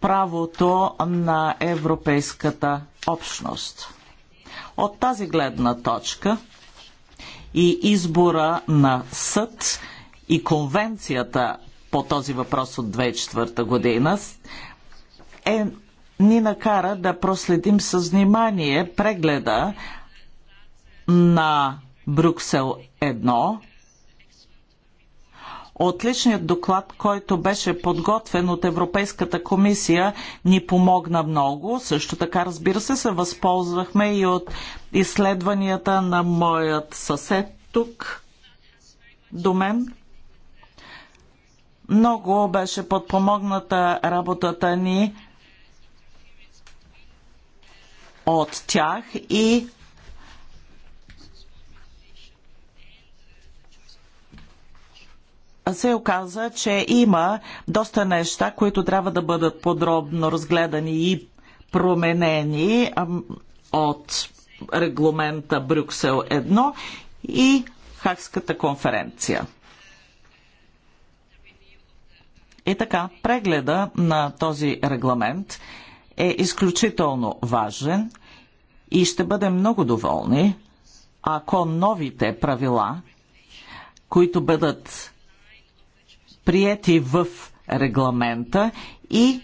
правото на Европейската общност. От тази гледна точка и избора на съд и конвенцията по този въпрос от 2004 година е, ни накара да проследим с внимание прегледа на Брюксел отличният доклад, който беше подготвен от Европейската комисия, ни помогна много. Също така, разбира се, се възползвахме и от изследванията на моят съсед тук до мен. Много беше подпомогната работата ни от тях и се оказа, че има доста неща, които трябва да бъдат подробно разгледани и променени от регламента Брюксел 1 и Хакската конференция. И така, прегледа на този регламент е изключително важен и ще бъдем много доволни, ако новите правила, които бъдат приети в регламента и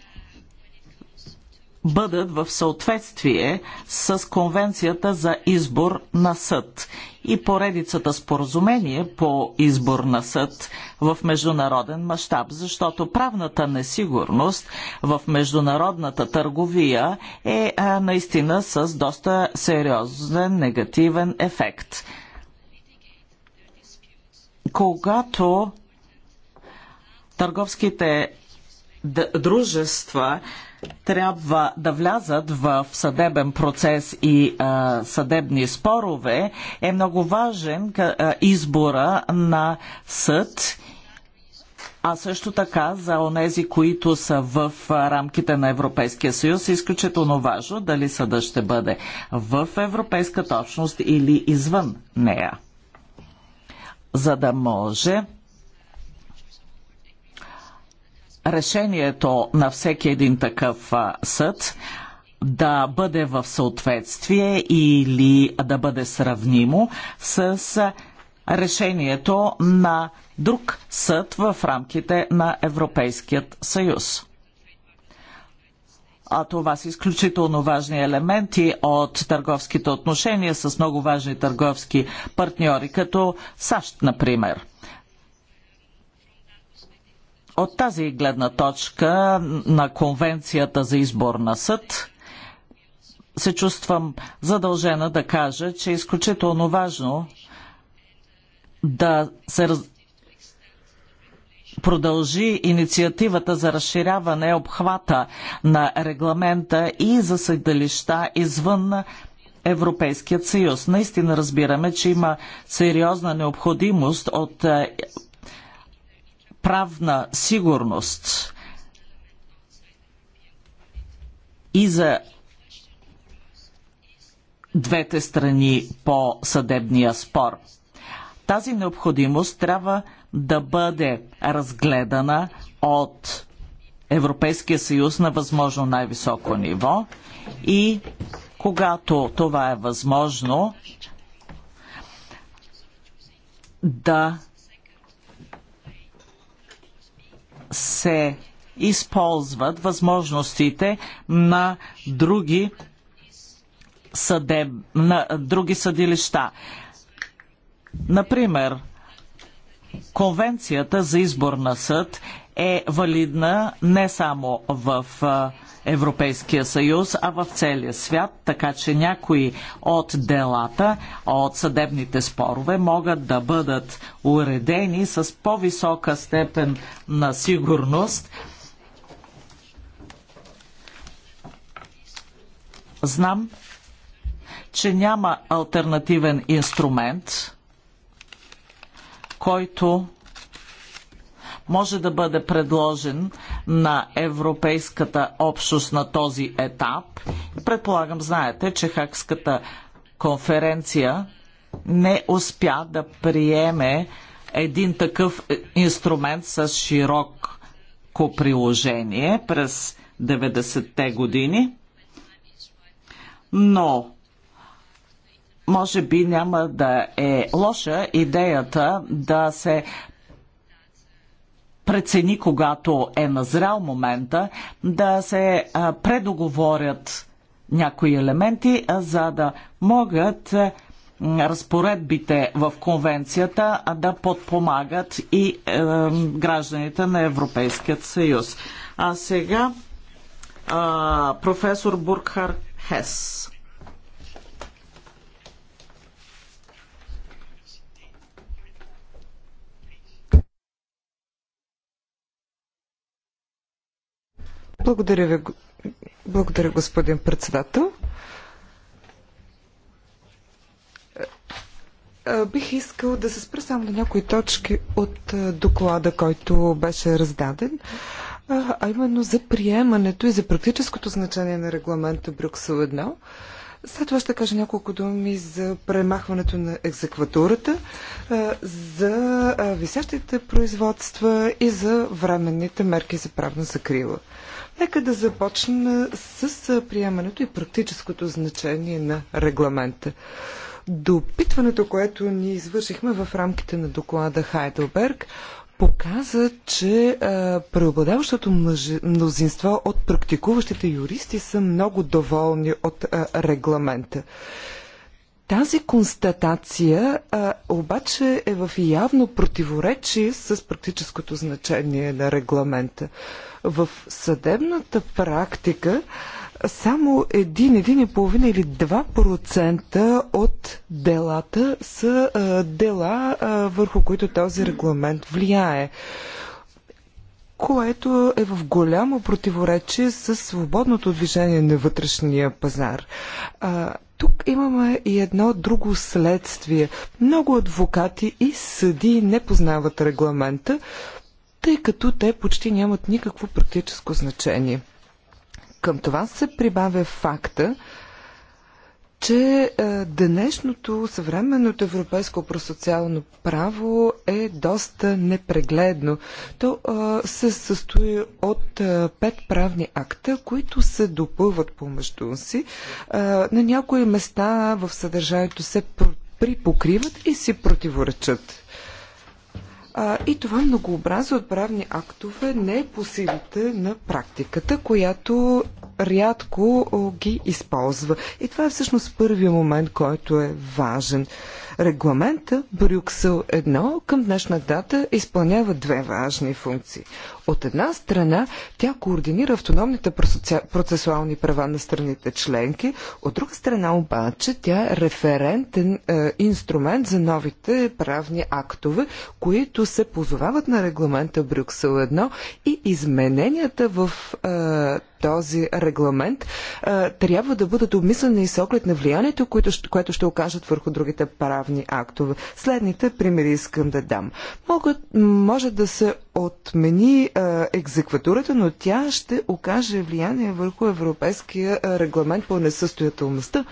бъдат в съответствие с Конвенцията за избор на съд и поредицата споразумение по избор на съд в международен мащаб, защото правната несигурност в международната търговия е а, наистина с доста сериозен негативен ефект. Когато търговските дружества трябва да влязат в съдебен процес и а, съдебни спорове, е много важен избора на съд а също така за онези, които са в рамките на Европейския съюз, е изключително важно дали съда ще бъде в Европейската общност или извън нея. За да може решението на всеки един такъв съд да бъде в съответствие или да бъде сравнимо с решението на друг съд в рамките на Европейският съюз. А това са изключително важни елементи от търговските отношения с много важни търговски партньори, като САЩ, например. От тази гледна точка на Конвенцията за избор на съд се чувствам задължена да кажа, че е изключително важно да се раз... продължи инициативата за разширяване обхвата на регламента и за съдалища извън Европейският съюз. Наистина разбираме, че има сериозна необходимост от е, правна сигурност и за двете страни по съдебния спор. Тази необходимост трябва да бъде разгледана от Европейския съюз на възможно най-високо ниво и когато това е възможно да се използват възможностите на други, съдеб... на други съдилища. Например, Конвенцията за избор на съд е валидна не само в Европейския съюз, а в целия свят, така че някои от делата, от съдебните спорове могат да бъдат уредени с по-висока степен на сигурност. Знам, че няма альтернативен инструмент, който може да бъде предложен на Европейската общност на този етап. Предполагам, знаете, че Хакската конференция не успя да приеме един такъв инструмент с широко приложение през 90-те години, но може би няма да е лоша идеята да се прецени, когато е назрял момента, да се предоговорят някои елементи, за да могат разпоредбите в конвенцията да подпомагат и е, гражданите на Европейският съюз. А сега е, професор Бургхар Хес. Благодаря ви, благодаря господин председател. Е, е, бих искал да се спра само на някои точки от е, доклада, който беше раздаден, а именно за приемането и за практическото значение на регламента Брюксел 1. След това ще кажа няколко думи за премахването на екзекватурата, за висящите производства и за временните мерки за правна закрила. Нека да започна с приемането и практическото значение на регламента. Допитването, което ни извършихме в рамките на доклада Хайдълберг показа, че преобладаващото мнозинство от практикуващите юристи са много доволни от регламента. Тази констатация а, обаче е в явно противоречие с практическото значение на регламента. В съдебната практика само един, един и половина или 2% от делата са а, дела, а, върху които този регламент влияе което е в голямо противоречие с свободното движение на вътрешния пазар. А, тук имаме и едно друго следствие. Много адвокати и съди не познават регламента, тъй като те почти нямат никакво практическо значение. Към това се прибавя факта, че е, днешното съвременното европейско просоциално право е доста непрегледно. То е, се състои от е, пет правни акта, които се допълват помежду си. на някои места в съдържанието се припокриват и си противоречат. А, и това многообразие от правни актове не е по силите на практиката, която рядко ги използва. И това е всъщност първият момент, който е важен. Регламента Брюксел 1 към днешна дата изпълнява две важни функции. От една страна, тя координира автономните процесуални права на страните членки, от друга страна обаче тя е референтен е, инструмент за новите правни актове, които се позовават на регламента Брюксел 1 и измененията в е, този регламент е, трябва да бъдат обмислени и с оглед на влиянието, което, което ще окажат върху другите правни актове. Следните примери искам да дам. Могат, може да се отмени а, екзекватурата, но тя ще окаже влияние върху европейския регламент по несъстоятелността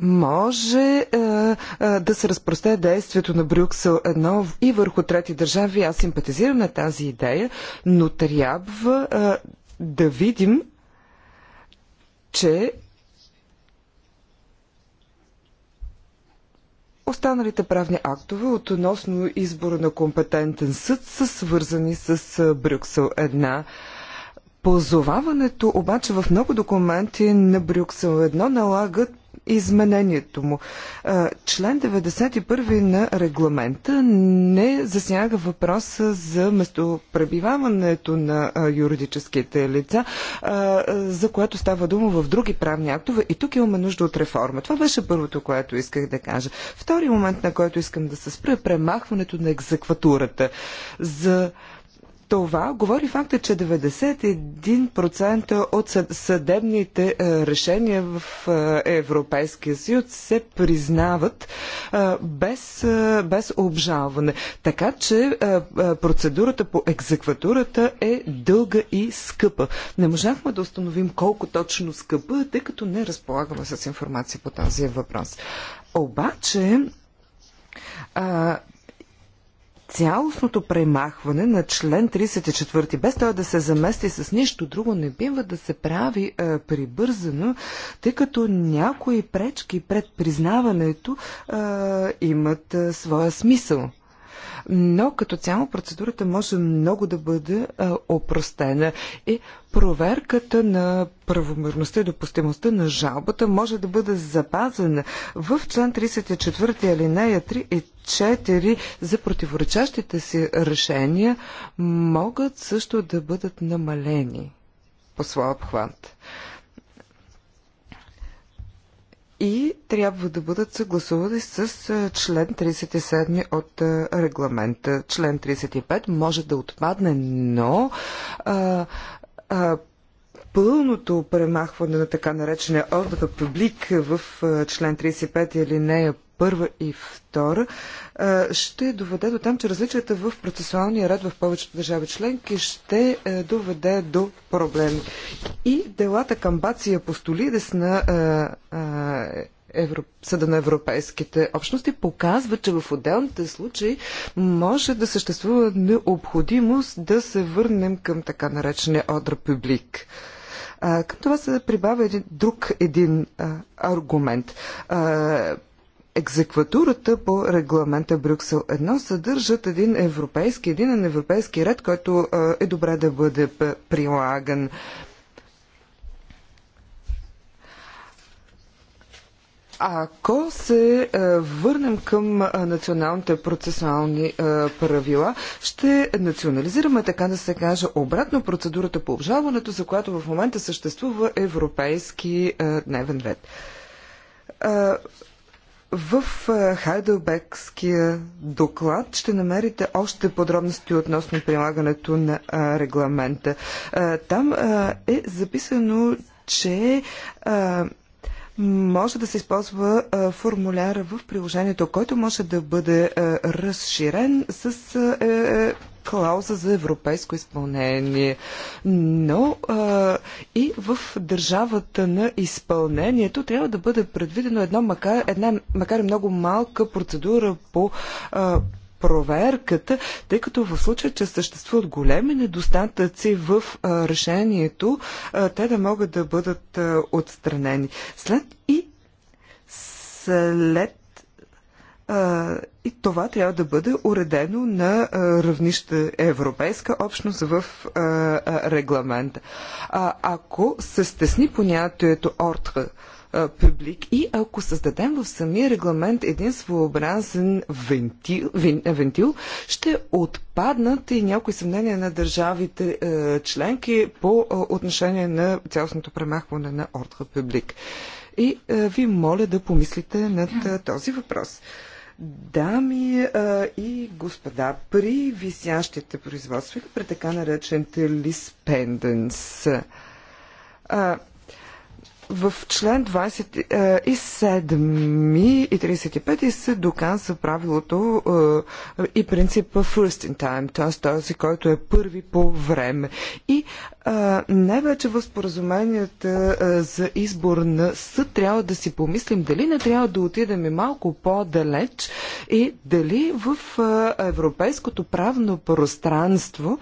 може е, е, да се разпросте действието на Брюксел едно и върху трети държави. Аз симпатизирам на тази идея, но трябва е, да видим, че Останалите правни актове относно избора на компетентен съд са свързани с Брюксел 1. Позоваването обаче в много документи на Брюксел 1 налагат изменението му. Член 91 на регламента не засяга въпроса за местопребиваването на юридическите лица, за което става дума в други правни актове и тук имаме нужда от реформа. Това беше първото, което исках да кажа. Втори момент, на който искам да се спра, е премахването на екзекватурата. За това говори факта, че 91% от съдебните е, решения в е, Европейския съюз се признават е, без, без обжалване. Така че процедурата по екзекватурата е дълга и скъпа. Не можахме да установим колко точно скъпа, тъй като не разполагаме с информация по този въпрос. Обаче, цялостното премахване на член 34, без той да се замести с нищо друго, не бива да се прави е, прибързано, тъй като някои пречки пред признаването е, имат е, своя смисъл но като цяло процедурата може много да бъде а, опростена и проверката на правомерността и допустимостта на жалбата може да бъде запазена в член 34 алинея 3 и 4 за противоречащите си решения могат също да бъдат намалени по своя обхват и трябва да бъдат съгласувани с член 37 от регламента. Член 35 може да отпадне, но а, а, пълното премахване на така наречения ордата публик в член 35 или нея първа и втора, ще доведе до там, че различията в процесуалния ред в повечето държави членки ще е, доведе до проблеми. И делата към Камбация Апостолидес на е, е, Евро... Съда на европейските общности показва, че в отделните случаи може да съществува необходимост да се върнем към така наречения Одра Публик. Към това се прибавя един, друг един а, аргумент. А, екзекватурата по регламента Брюксел 1 съдържат един европейски, един европейски ред, който е добре да бъде прилаган. Ако се върнем към националните процесуални правила, ще национализираме, така да се каже, обратно процедурата по обжалването, за която в момента съществува европейски дневен ред в е, Хайдълбекския доклад ще намерите още подробности относно прилагането на е, регламента. Е, там е записано, че може да се използва формуляра в приложението, който може да бъде разширен с клауза за европейско изпълнение. Но а, и в държавата на изпълнението трябва да бъде предвидено едно, макар, една, макар и много малка процедура по а, проверката, тъй като в случай, че съществуват големи недостатъци в а, решението, а, те да могат да бъдат а, отстранени. След и след и това трябва да бъде уредено на равнище Европейска общност в регламента. Ако се стесни понятието ортра, публик и ако създадем в самия регламент един своеобразен вентил, вен, вентил ще отпаднат и някои съмнения на държавите е, членки по е, отношение на цялостното премахване на Ортха публик. И е, ви моля да помислите над този въпрос. Дами а, и господа, при висящите производства, при така наречените лиспенденс, в член 27 и 35 се доказва правилото е, и принципа first in time, т.е. този, който е първи по време. И е, най-вече в споразуменията е, за избор на съд трябва да си помислим дали не трябва да отидем и малко по-далеч и дали в европейското правно пространство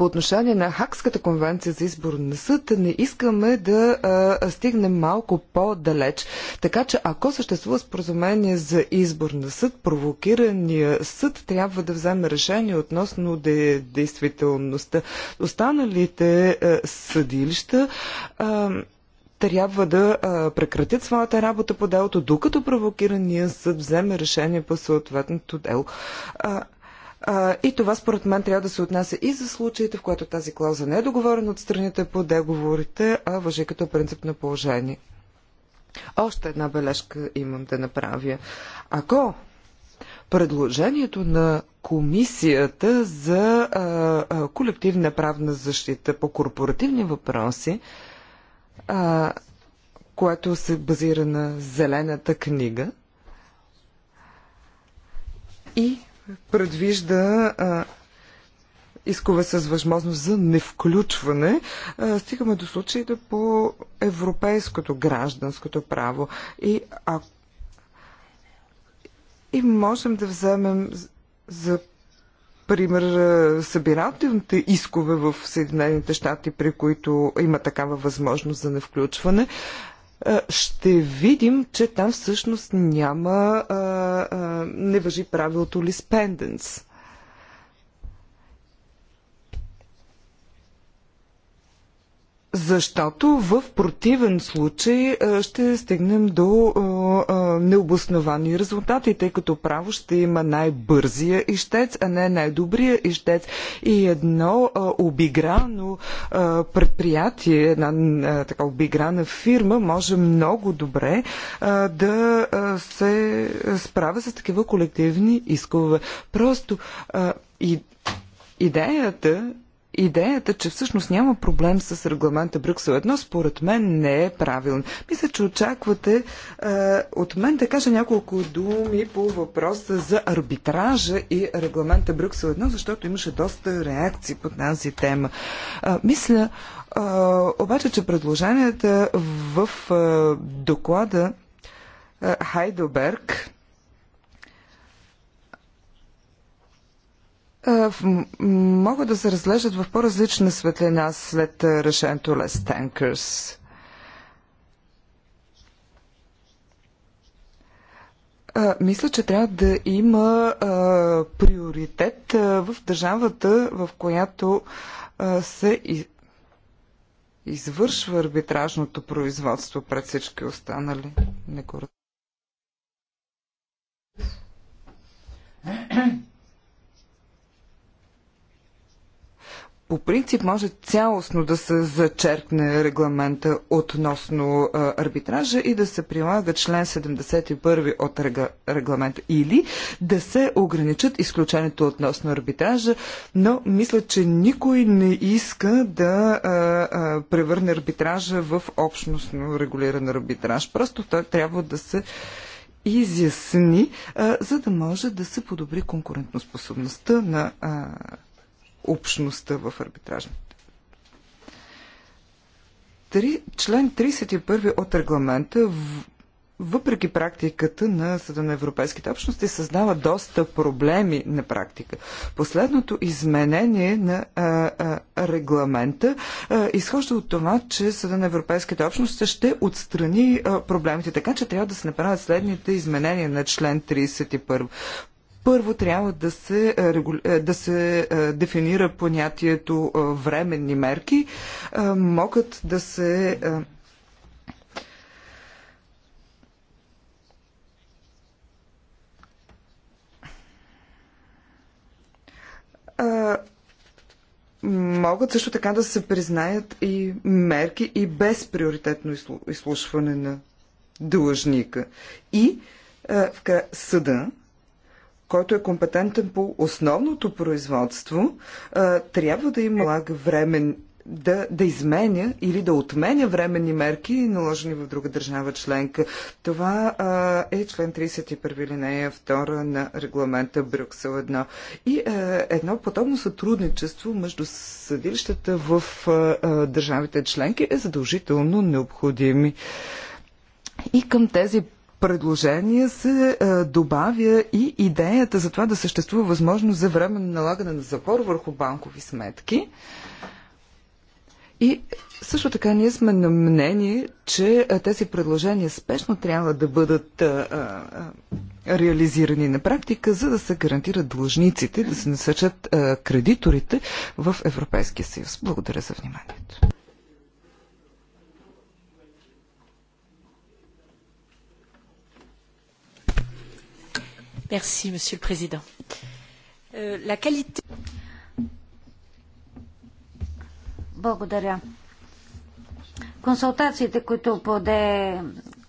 по отношение на Хакската конвенция за избор на съд, не искаме да а, стигнем малко по-далеч. Така че, ако съществува споразумение за избор на съд, провокирания съд трябва да вземе решение относно де, действителността. Останалите а, съдилища. А, трябва да а, прекратят своята работа по делото, докато провокирания съд вземе решение по съответното дело. А, и това според мен трябва да се отнася и за случаите, в които тази клауза не е договорена от страните по договорите, а въжи като принцип на положение. Още една бележка имам да направя. Ако предложението на комисията за а, а, колективна правна защита по корпоративни въпроси, а, което се базира на зелената книга, и предвижда а, искове с възможност за невключване, стигаме до случаите по европейското гражданското право. И, а, и можем да вземем за пример събирателните искове в Съединените щати, при които има такава възможност за невключване. А, е, ще видим, че там всъщност няма, е, е, не въжи правилото Лиспенденс. Защото в противен случай ще стигнем до необосновани резултати, тъй като право ще има най-бързия ищец, а не най-добрия ищец. И едно обиграно предприятие, една така обиграна фирма може много добре да се справя с такива колективни искове. Просто и, идеята идеята, че всъщност няма проблем с регламента Брюксел едно, според мен не е правилно. Мисля, че очаквате е, от мен да кажа няколко думи по въпроса за арбитража и регламента Брюксел едно, защото имаше доста реакции по тази тема. Е, мисля, е, обаче, че предложенията в е, доклада е, Хайдоберг могат да се разглеждат в по-различна светлина след решението Лес Танкърс. мисля, че трябва да има а, приоритет а, в държавата, в която а, се и, извършва арбитражното производство пред всички останали. Не го... по принцип може цялостно да се зачеркне регламента относно а, арбитража и да се прилага член 71 от регламента или да се ограничат изключението относно арбитража, но мисля, че никой не иска да а, а, превърне арбитража в общностно регулиран арбитраж. Просто той трябва да се изясни, а, за да може да се подобри конкурентоспособността на а, общността в арбитражната. Три, член 31 от регламента въпреки практиката на Съда на Европейските общности, създава доста проблеми на практика. Последното изменение на а, а, регламента а, изхожда от това, че Съда на Европейските общности ще отстрани а, проблемите, така че трябва да се направят следните изменения на член 31. Първо трябва да се, е, е, да се е, дефинира понятието временни мерки. Могат да се могат също така да се признаят и мерки и без приоритетно изслушване на длъжника. И в съда който е компетентен по основното производство, трябва да има лага времен да, да изменя или да отменя временни мерки, наложени в друга държава членка. Това а, е член 31 линия 2 на регламента Брюксел 1. И а, едно подобно сътрудничество между съдилищата в а, а, държавите членки е задължително необходими. И към тези предложение се е, добавя и идеята за това да съществува възможност за временно налагане на запор върху банкови сметки. И също така ние сме на мнение, че е, тези предложения спешно трябва да бъдат а, е, а, реализирани на практика, за да се гарантират длъжниците, да се насъчат а, кредиторите в Европейския съюз. Благодаря за вниманието. Monsieur le Président. Euh, la qualité... Благодаря. Консултациите, които поде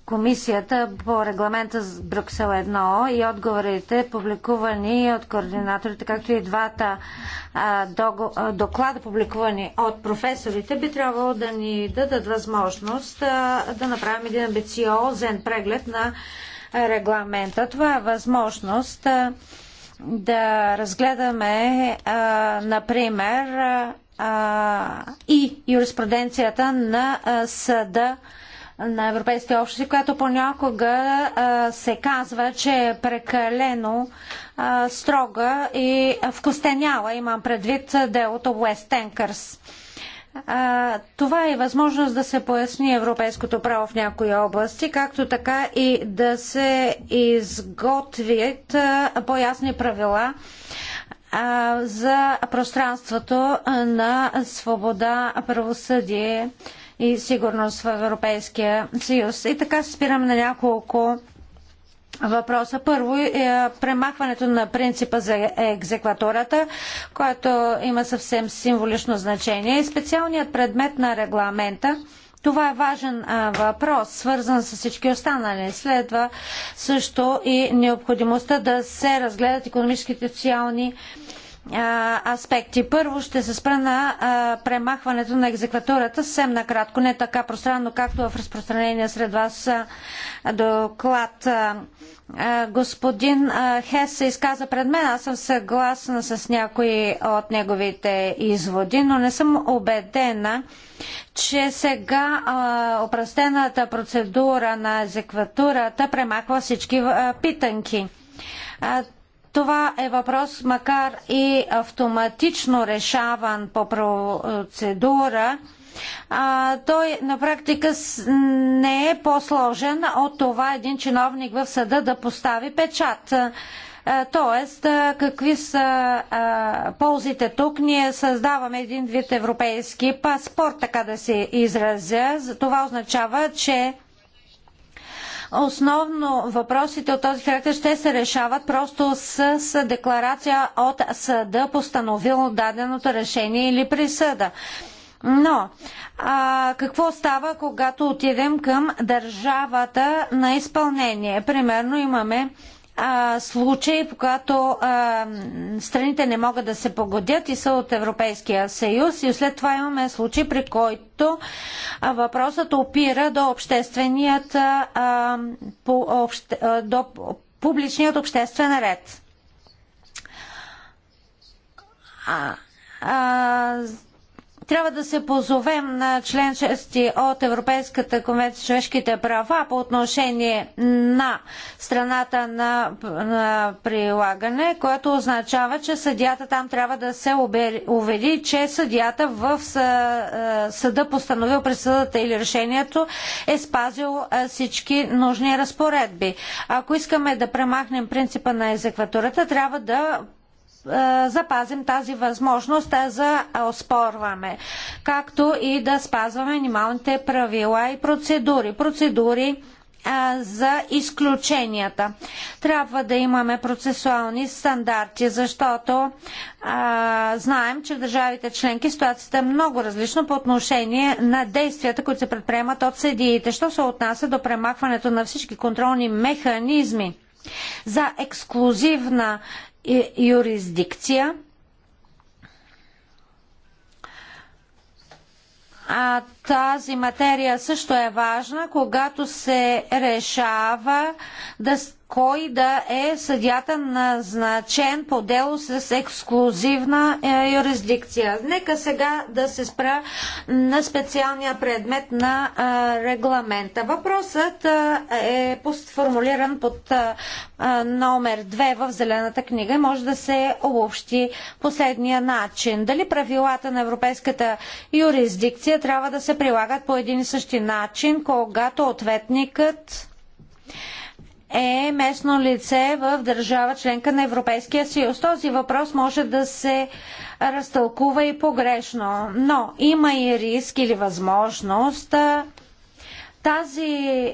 комисията по регламента с Брюксел 1 и отговорите, публикувани от координаторите, както и двата а, дого, а, доклада, публикувани от професорите, би трябвало да ни дадат възможност а, да направим един амбициозен преглед на регламента. Това е възможност да разгледаме, например, и юриспруденцията на съда на Европейските общности, която понякога се казва, че е прекалено строга и вкостеняла. Имам предвид делото Уестенкърс. Енкърс а, това е възможност да се поясни европейското право в някои области, както така и да се изготвят по-ясни правила а, за пространството на свобода, правосъдие и сигурност в Европейския съюз. И така се спирам на няколко въпроса. Първо е, е премахването на принципа за екзекватората, който има съвсем символично значение. И специалният предмет на регламента това е важен а, въпрос, свързан с всички останали. Следва също и необходимостта да се разгледат економическите и социални аспекти. Първо ще се спра на а, премахването на екзекватурата съвсем накратко, не така пространно, както в разпространение сред вас а, доклад. А, господин Хес се изказа пред мен. Аз съм съгласна с някои от неговите изводи, но не съм убедена, че сега опростената процедура на екзекватурата премахва всички питанки това е въпрос, макар и автоматично решаван по процедура, а, той на практика не е по-сложен от това един чиновник в съда да постави печат. Тоест, какви са а, ползите тук? Ние създаваме един вид европейски паспорт, така да се изразя. Това означава, че Основно въпросите от този характер ще се решават просто с, с декларация от съда, постановило даденото решение или присъда. Но а, какво става, когато отидем към държавата на изпълнение? Примерно имаме а, случаи, по когато страните не могат да се погодят и са от Европейския съюз. И след това имаме случаи, при който а, въпросът опира до общественият а, по, обще, а, до публичният обществен ред. А, а, трябва да се позовем на член 6 от Европейската конвенция за човешките права по отношение на страната на, на прилагане, което означава, че съдията там трябва да се увери, че съдията в съда постановил присъдата или решението е спазил всички нужни разпоредби. Ако искаме да премахнем принципа на екзекватурата, трябва да запазим тази възможност за оспорване, както и да спазваме минималните правила и процедури. Процедури за изключенията. Трябва да имаме процесуални стандарти, защото а, знаем, че в държавите членки ситуацията е много различна по отношение на действията, които се предприемат от съдиите. Що се отнася до премахването на всички контролни механизми за ексклюзивна юрисдикция. А тази материя също е важна, когато се решава да, кой да е съдята назначен по дело с ексклюзивна е, юрисдикция. Нека сега да се спра на специалния предмет на е, регламента. Въпросът е формулиран под е, номер 2 в Зелената книга и може да се обобщи последния начин. Дали правилата на европейската юрисдикция трябва да се се прилагат по един и същи начин, когато ответникът е местно лице в държава членка на Европейския съюз. Този въпрос може да се разтълкува и погрешно, но има и риск или възможност тази,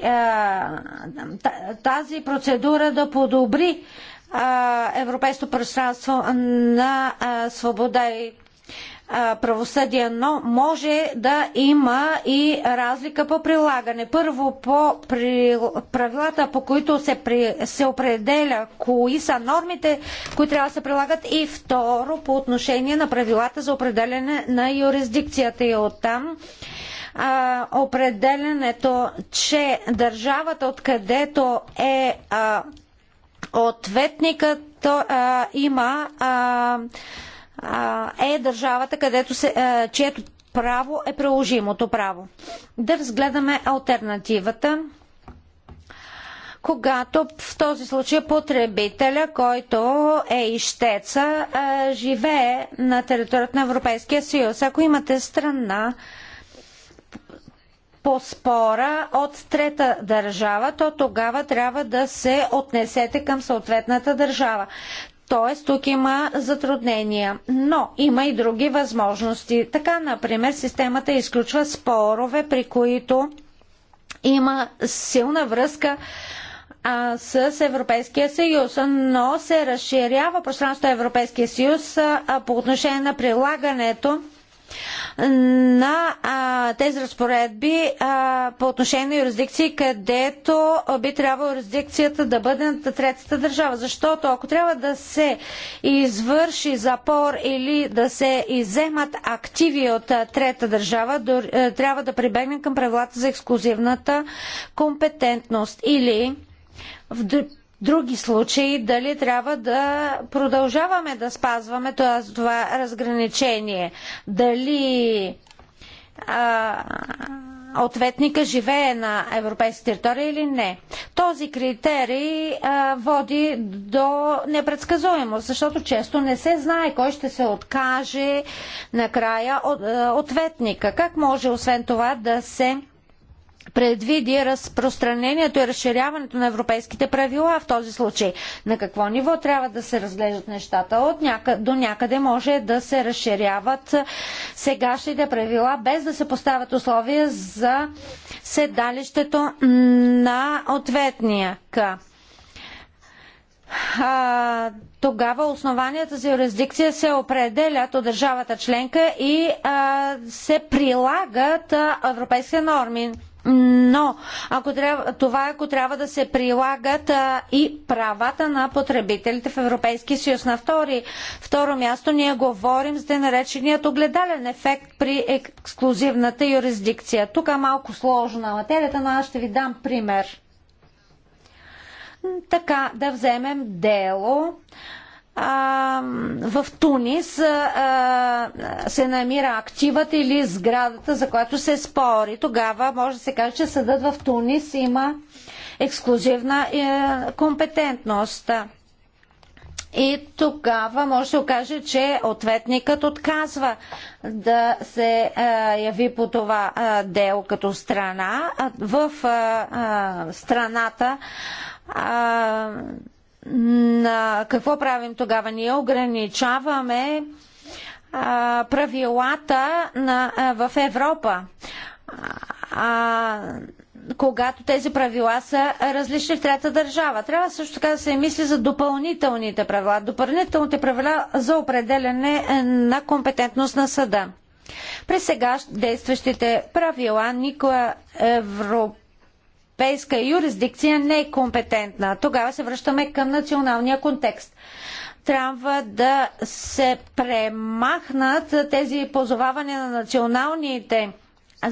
тази процедура да подобри европейското пространство на свобода и правосъдие, но може да има и разлика по прилагане. Първо по правилата, по които се, при, се определя кои са нормите, които трябва да се прилагат и второ по отношение на правилата за определене на юрисдикцията и оттам а, определенето, че държавата, откъдето е а, ответникът, а, има а, е държавата, където се, а, чието право е приложимото право. Да разгледаме альтернативата когато в този случай потребителя, който е ищеца, живее на територията на Европейския съюз. Ако имате страна по спора от трета държава, то тогава трябва да се отнесете към съответната държава. Т.е. тук има затруднения, но има и други възможности. Така, например, системата изключва спорове, при които има силна връзка а, с Европейския съюз, но се разширява пространството Европейския съюз а, по отношение на прилагането на а, тези разпоредби а, по отношение на юрисдикции, където би трябвало юрисдикцията да бъде на третата държава. Защото ако трябва да се извърши запор или да се иземат активи от трета държава, трябва да прибегнем към правилата за ексклюзивната компетентност. Или в други случаи, дали трябва да продължаваме да спазваме това, това разграничение. Дали а, ответника живее на европейска територия или не. Този критерий а, води до непредсказуемост, защото често не се знае кой ще се откаже накрая от, а, ответника. Как може освен това да се предвиди разпространението и разширяването на европейските правила в този случай. На какво ниво трябва да се разглеждат нещата? От някъде, до някъде може да се разширяват сегашните правила, без да се поставят условия за седалището на ответния а, тогава основанията за юрисдикция се определят от държавата членка и а, се прилагат а, европейски норми но ако трябва, това ако трябва да се прилагат а, и правата на потребителите в Европейския съюз. На втори, второ място ние говорим за нареченият огледален ефект при ексклюзивната юрисдикция. Тук е малко сложна материята, но аз ще ви дам пример. Така, да вземем дело, в Тунис се намира активът или сградата, за която се спори. Тогава може да се каже, че съдът в Тунис има ексклюзивна е, компетентност. И тогава може да се окаже, че ответникът отказва да се е, яви по това е, дело като страна. В страната на какво правим тогава? Ние ограничаваме а, правилата на, а, в Европа. А, когато тези правила са различни в трета държава. Трябва също така да се мисли за допълнителните правила, допълнителните правила за определене на компетентност на съда. При сега действащите правила никоя европейска европейска юрисдикция не е компетентна. Тогава се връщаме към националния контекст. Трябва да се премахнат тези позовавания на националните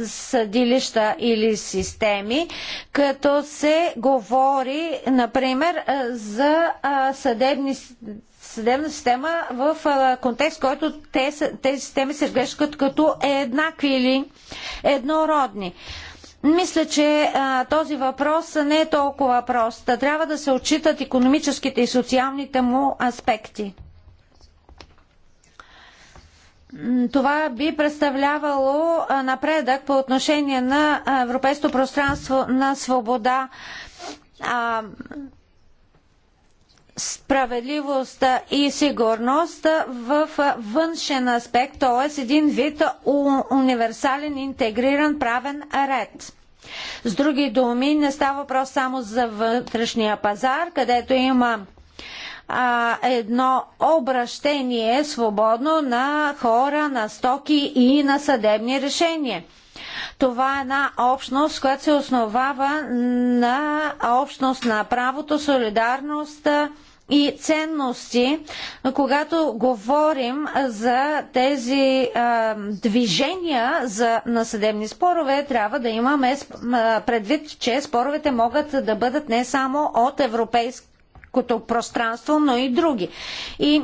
съдилища или системи, като се говори, например, за съдебни, съдебна система в контекст, който тези системи се грешкат като еднакви или еднородни. Мисля, че а, този въпрос не е толкова прост. Трябва да се отчитат економическите и социалните му аспекти. Това би представлявало напредък по отношение на европейското пространство на свобода, а, справедливост и сигурност в външен аспект, т.е. един вид универсален интегриран правен ред. С други думи, не става въпрос само за вътрешния пазар, където има а, едно обращение свободно на хора, на стоки и на съдебни решения. Това е една общност, която се основава на общност на правото, солидарност, и ценности, когато говорим за тези а, движения за, на съдебни спорове, трябва да имаме предвид, че споровете могат да бъдат не само от европейското пространство, но и други. И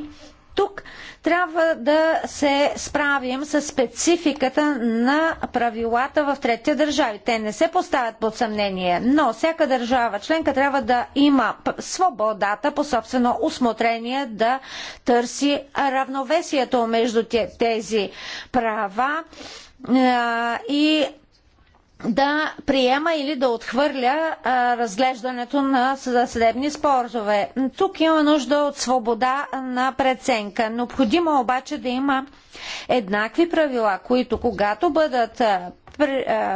тук трябва да се справим с спецификата на правилата в третия държави. Те не се поставят под съмнение, но всяка държава членка трябва да има свободата по собствено усмотрение да търси равновесието между тези права и да приема или да отхвърля а, разглеждането на съдебни спорове. Тук има нужда от свобода на преценка. Необходимо е обаче да има еднакви правила, които когато бъдат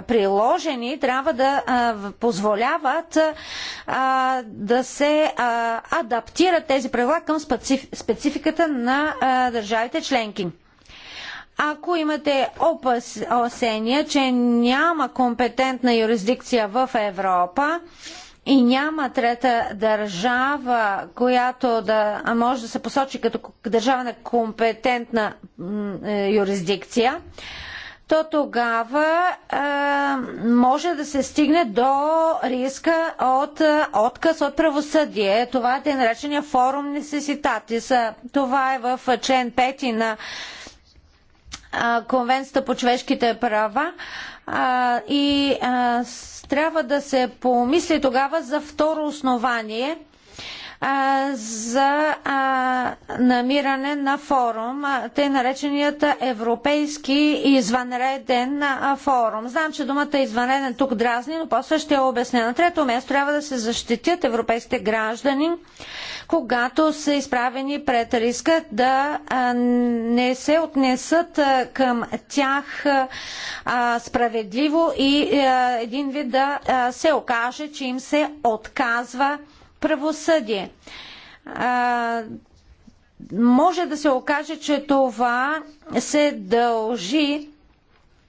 приложени, трябва да позволяват да се адаптират тези правила към спецификата на държавите членки. Ако имате опасения, че няма компетентна юрисдикция в Европа, и няма трета държава, която да може да се посочи като държава на компетентна е, юрисдикция, то тогава е, може да се стигне до риска от е, отказ от правосъдие. Това е наречения форум несеситатис. Е, това е в е, член 5 на Конвенцията по човешките права и трябва да се помисли тогава за второ основание за намиране на форум, Те нареченият Европейски извънреден форум. Знам, че думата извънреден тук дразни, но после ще я обясня. На трето място трябва да се защитят европейските граждани когато са изправени пред риска да не се отнесат към тях справедливо и един вид да се окаже, че им се отказва правосъдие може да се окаже, че това се дължи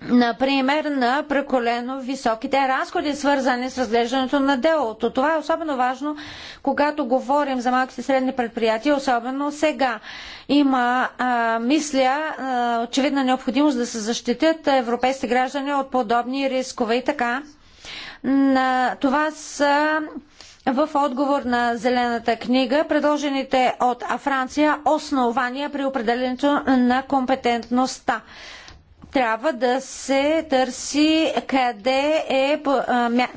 например, на прекалено високите разходи, свързани с разглеждането на делото. Това е особено важно, когато говорим за малките и средни предприятия, особено сега. Има, а, мисля, а, очевидна необходимост да се защитят европейските граждани от подобни рискове и така. На, това са в отговор на Зелената книга, предложените от Франция основания при определенето на компетентността трябва да се търси къде е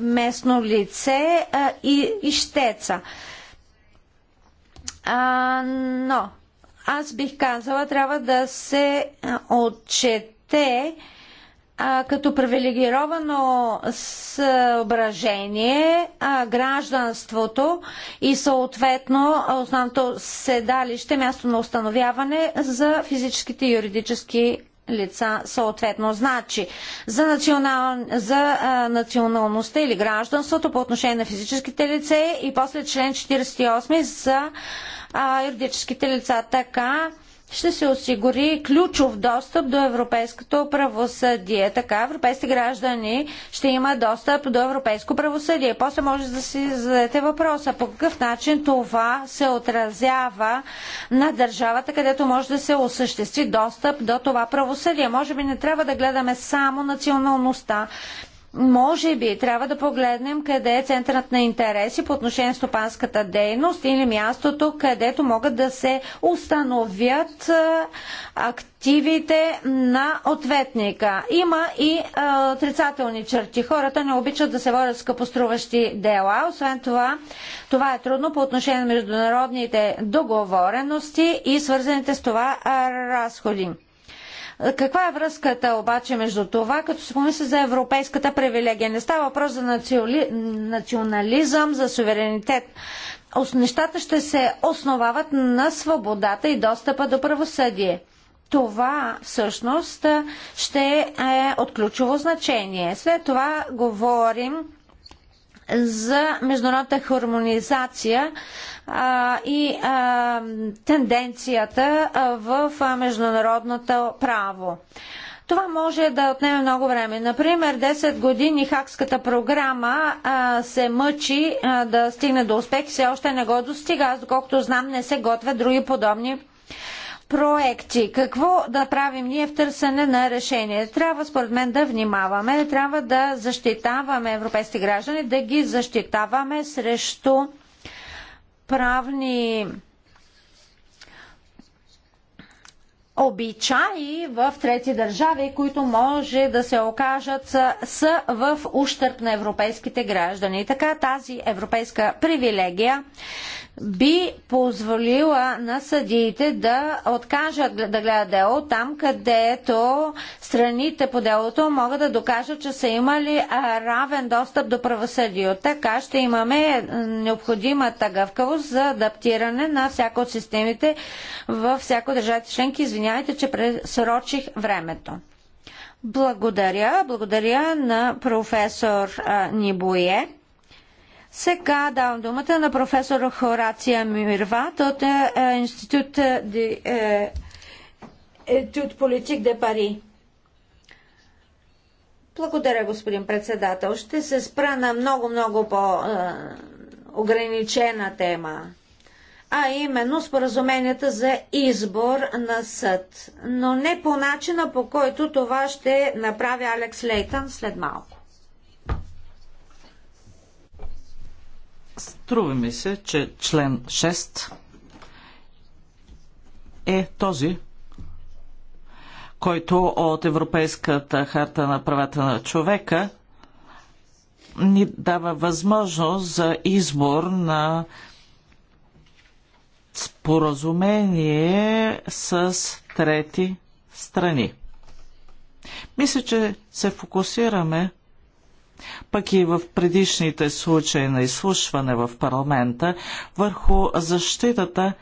местно лице и ищеца. Но, аз бих казала, трябва да се отчете като привилегировано съображение гражданството и съответно основното седалище, място на установяване за физическите и юридически лица съответно. Значи, за, национал, за а, националността или гражданството по отношение на физическите лице и после член 48 за а, юридическите лица. Така, ще се осигури ключов достъп до европейското правосъдие. Така европейските граждани ще имат достъп до европейско правосъдие. После може да си зададете въпроса по какъв начин това се отразява на държавата, където може да се осъществи достъп до това правосъдие. Може би не трябва да гледаме само националността може би трябва да погледнем къде е центърът на интереси по отношение на стопанската дейност или мястото, където могат да се установят активите на ответника. Има и а, отрицателни черти. Хората не обичат да се водят скъпоструващи дела. Освен това, това е трудно по отношение на международните договорености и свързаните с това разходи. Каква е връзката обаче между това, като се помисли за европейската привилегия? Не става въпрос за национализъм, за суверенитет. Нещата ще се основават на свободата и достъпа до правосъдие. Това всъщност ще е от ключово значение. След това говорим за международната хармонизация а, и а, тенденцията в международното право. Това може да отнеме много време. Например, 10 години хакската програма а, се мъчи а, да стигне до успех и все още не го достига. Аз, доколкото знам, не се готвят други подобни проекти. Какво да правим ние в търсене на решение? Трябва, според мен, да внимаваме, трябва да защитаваме европейските граждани, да ги защитаваме срещу правни обичаи в трети държави, които може да се окажат са в ущърп на европейските граждани. Така тази европейска привилегия би позволила на съдиите да откажат да гледат дело там, където страните по делото могат да докажат, че са имали равен достъп до правосъдие. Така ще имаме е, необходимата гъвкавост за адаптиране на всяка от системите във всяко държавите членки. Извинявайте, че пресрочих времето. Благодаря. Благодаря на професор Нибуе. Сега давам думата на професор Хорация Мирват от е, е, Институт Етюд е, Политик де Пари. Благодаря, господин председател. Ще се спра на много-много по-ограничена тема а именно споразуменията за избор на съд. Но не по начина, по който това ще направи Алекс Лейтън след малко. Струва ми се, че член 6 е този, който от Европейската харта на правата на човека ни дава възможност за избор на споразумение с трети страни. Мисля, че се фокусираме пък и в предишните случаи на изслушване в парламента върху защитата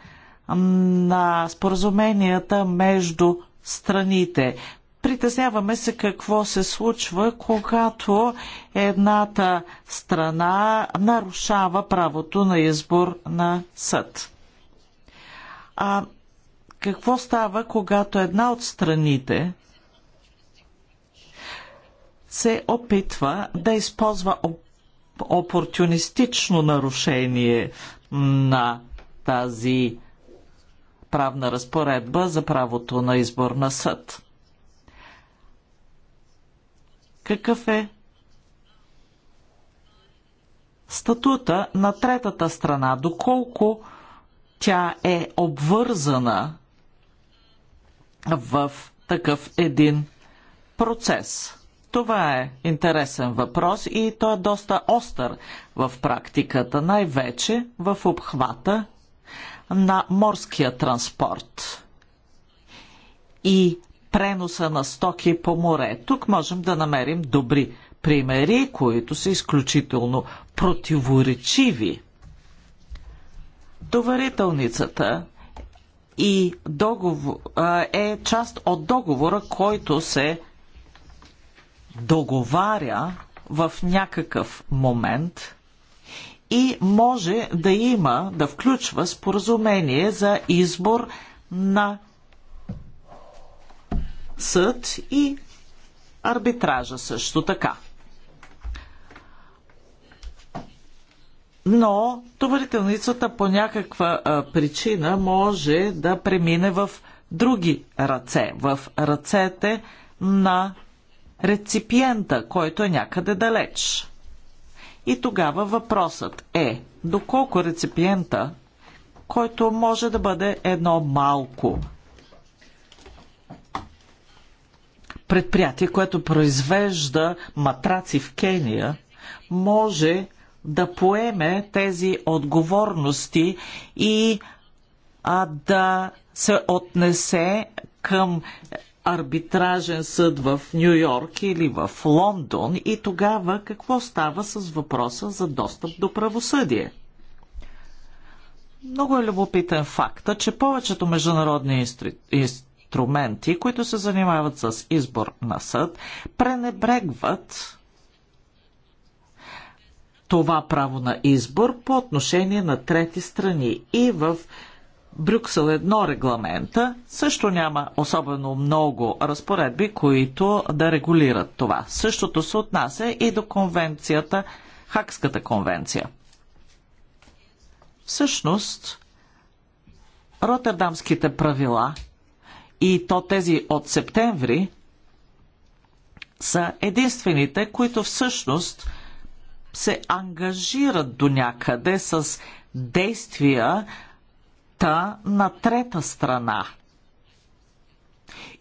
на споразуменията между страните. Притесняваме се какво се случва, когато едната страна нарушава правото на избор на съд. А какво става, когато една от страните се опитва да използва опортунистично нарушение на тази правна разпоредба за правото на избор на съд. Какъв е статута на третата страна? Доколко тя е обвързана в такъв един процес? Това е интересен въпрос и той е доста остър в практиката, най-вече в обхвата на морския транспорт и преноса на стоки по море. Тук можем да намерим добри примери, които са изключително противоречиви. Товарителницата и договор, е част от договора, който се договаря в някакъв момент и може да има, да включва споразумение за избор на съд и арбитража също така. Но товарителницата по някаква а, причина може да премине в други ръце, в ръцете на реципиента, който е някъде далеч. И тогава въпросът е, доколко реципиента, който може да бъде едно малко предприятие, което произвежда матраци в Кения, може да поеме тези отговорности и а, да се отнесе към арбитражен съд в Нью Йорк или в Лондон и тогава какво става с въпроса за достъп до правосъдие? Много е любопитен факта, че повечето международни инструменти, които се занимават с избор на съд, пренебрегват това право на избор по отношение на трети страни. И в Брюксел едно регламента също няма особено много разпоредби, които да регулират това. Същото се отнася и до конвенцията, Хакската конвенция. Всъщност, Роттердамските правила и то тези от септември са единствените, които всъщност се ангажират до някъде с действия, та на трета страна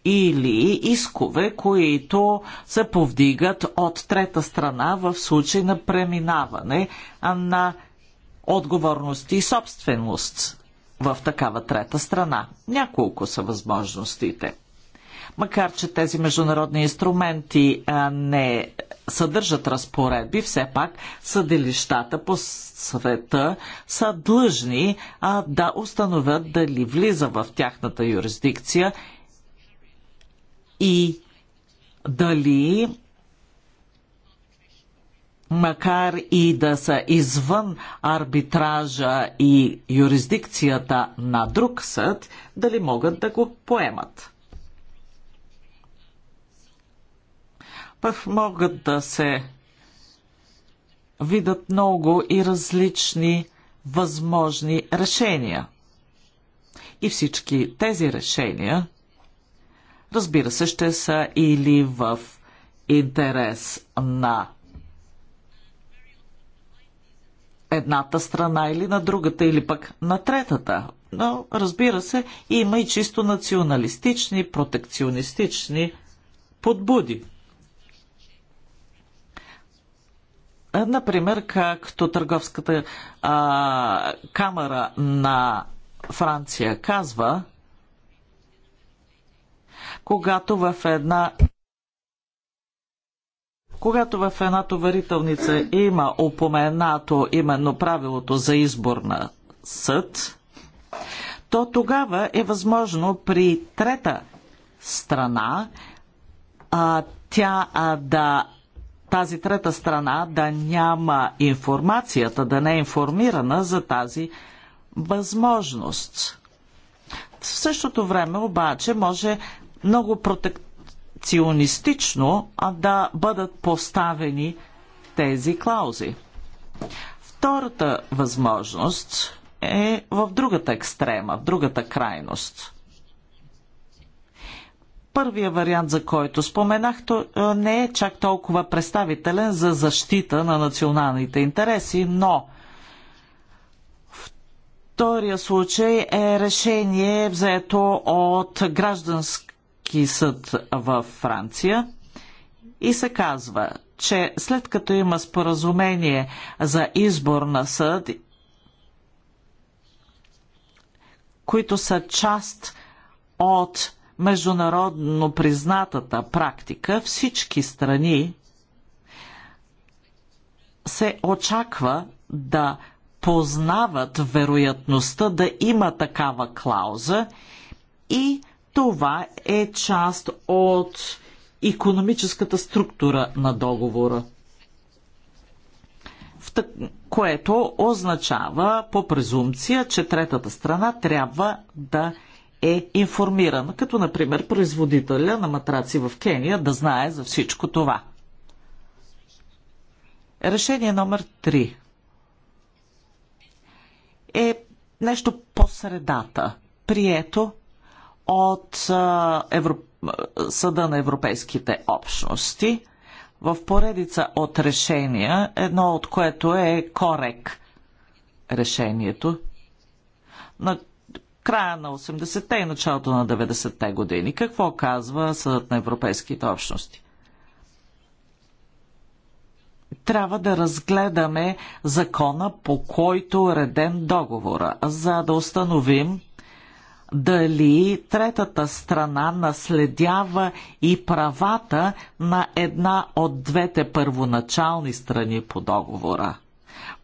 или искове, които се повдигат от трета страна в случай на преминаване на отговорност и собственост в такава трета страна. Няколко са възможностите. Макар, че тези международни инструменти не съдържат разпоредби, все пак съдилищата по света са длъжни а, да установят дали влиза в тяхната юрисдикция и дали макар и да са извън арбитража и юрисдикцията на друг съд, дали могат да го поемат. Пък могат да се видят много и различни възможни решения. И всички тези решения, разбира се, ще са или в интерес на едната страна или на другата, или пък на третата. Но, разбира се, има и чисто националистични, протекционистични подбуди. Е, например, както Търговската а, камера на Франция казва, когато в една когато в една товарителница има упоменато именно правилото за избор на съд, то тогава е възможно при трета страна а, тя а, да тази трета страна да няма информацията, да не е информирана за тази възможност. В същото време обаче може много протекционистично да бъдат поставени тези клаузи. Втората възможност е в другата екстрема, в другата крайност – Първия вариант, за който споменах, то е, не е чак толкова представителен за защита на националните интереси, но втория случай е решение взето от граждански съд във Франция и се казва, че след като има споразумение за избор на съд, които са част от международно признатата практика всички страни се очаква да познават вероятността да има такава клауза и това е част от економическата структура на договора. Което означава по презумпция, че третата страна трябва да е информиран, като например производителя на матраци в Кения да знае за всичко това. Решение номер 3 е нещо по средата, прието от Евро... Съда на Европейските общности в поредица от решения, едно от което е Корек решението, на края на 80-те и началото на 90-те години. Какво казва Съдът на Европейските общности? трябва да разгледаме закона, по който е реден договора, за да установим дали третата страна наследява и правата на една от двете първоначални страни по договора.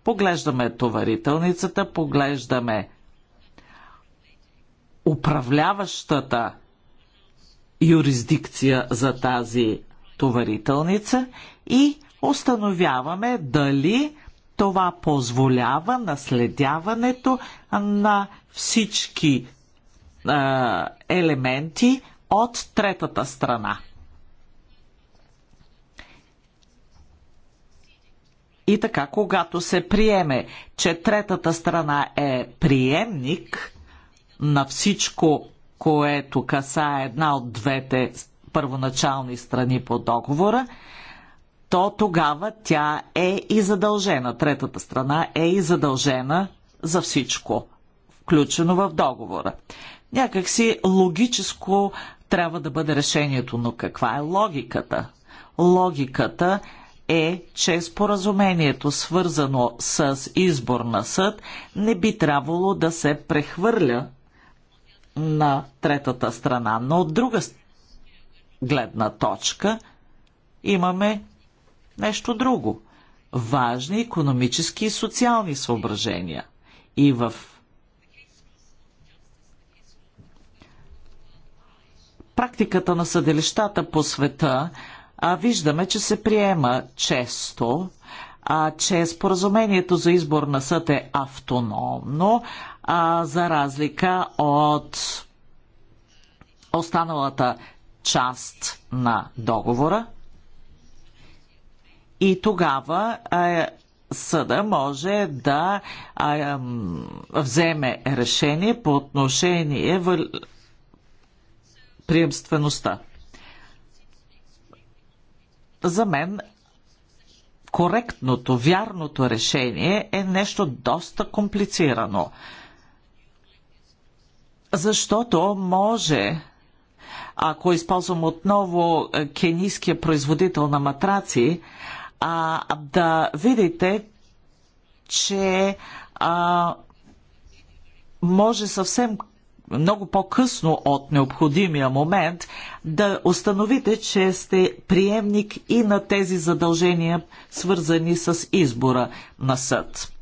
Поглеждаме товарителницата, поглеждаме управляващата юрисдикция за тази товарителница и установяваме дали това позволява наследяването на всички е, елементи от третата страна. И така, когато се приеме, че третата страна е приемник, на всичко, което касае една от двете първоначални страни по договора, то тогава тя е и задължена, третата страна е и задължена за всичко, включено в договора. Някакси логическо трябва да бъде решението, но каква е логиката? Логиката е, че споразумението, свързано с избор на съд, не би трябвало да се прехвърля на третата страна. Но от друга гледна точка имаме нещо друго. Важни економически и социални съображения. И в практиката на съделищата по света а, виждаме, че се приема често, а, че споразумението за избор на съд е автономно, а, за разлика от останалата част на договора. И тогава а, съда може да а, а, вземе решение по отношение в приемствеността. За мен коректното, вярното решение е нещо доста комплицирано защото може, ако използвам отново е, кенийския производител на матраци, а, да видите, че а, може съвсем много по-късно от необходимия момент да установите, че сте приемник и на тези задължения, свързани с избора на съд.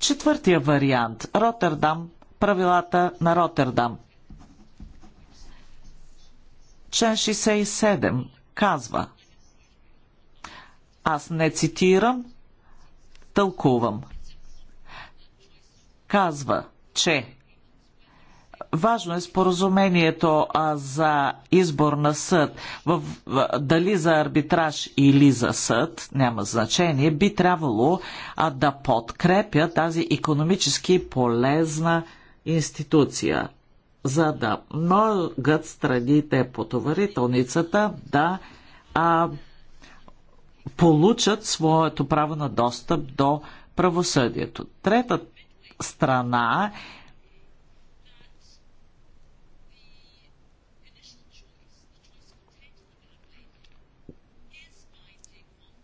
Четвъртия вариант – Роттердам правилата на Ротердам. Член 67 казва Аз не цитирам, тълкувам. Казва, че важно е споразумението а, за избор на съд, в, в, дали за арбитраж или за съд, няма значение, би трябвало а, да подкрепя тази економически полезна институция, за да могат страните по товарителницата да а, получат своето право на достъп до правосъдието. Трета страна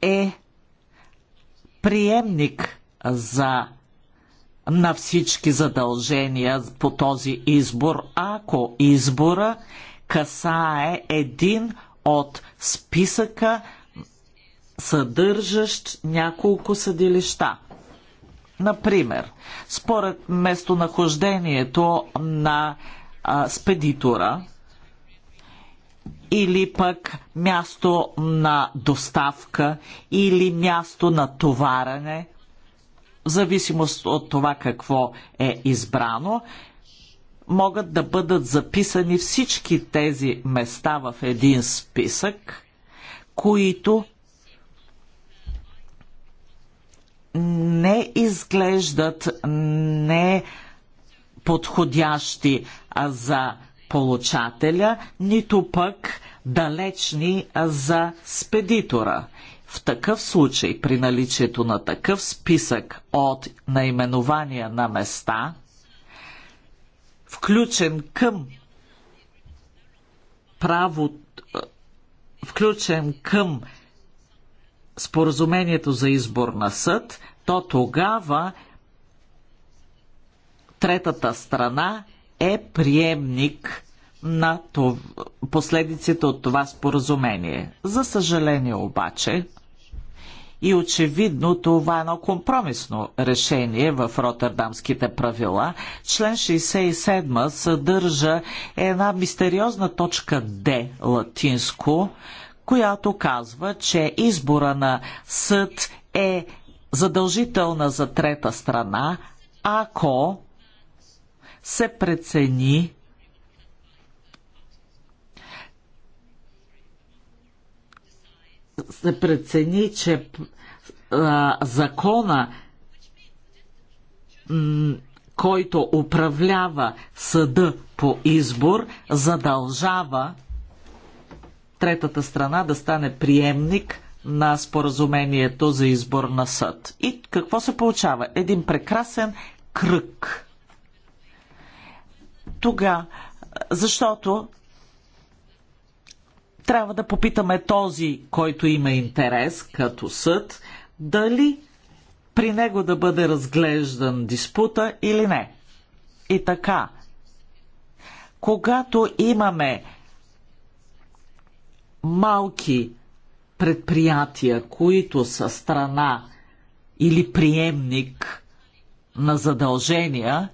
е приемник за на всички задължения по този избор, ако избора касае един от списъка, съдържащ няколко съдилища. Например, според местонахождението на а, спедитора или пък място на доставка или място на товаране в зависимост от това какво е избрано, могат да бъдат записани всички тези места в един списък, които не изглеждат не подходящи за получателя, нито пък далечни за спедитора. В такъв случай, при наличието на такъв списък от наименования на места, включен към право, е, включен към споразумението за избор на съд, то тогава третата страна е приемник на последиците от това споразумение. За съжаление обаче, и очевидно това е едно компромисно решение в Роттердамските правила. Член 67 съдържа една мистериозна точка Д латинско, която казва, че избора на съд е задължителна за трета страна, ако се прецени, се прецени, че а, закона, който управлява съда по избор, задължава третата страна да стане приемник на споразумението за избор на съд. И какво се получава? Един прекрасен кръг. Тога, защото трябва да попитаме този, който има интерес като съд, дали при него да бъде разглеждан диспута или не. И така, когато имаме малки предприятия, които са страна или приемник на задължения,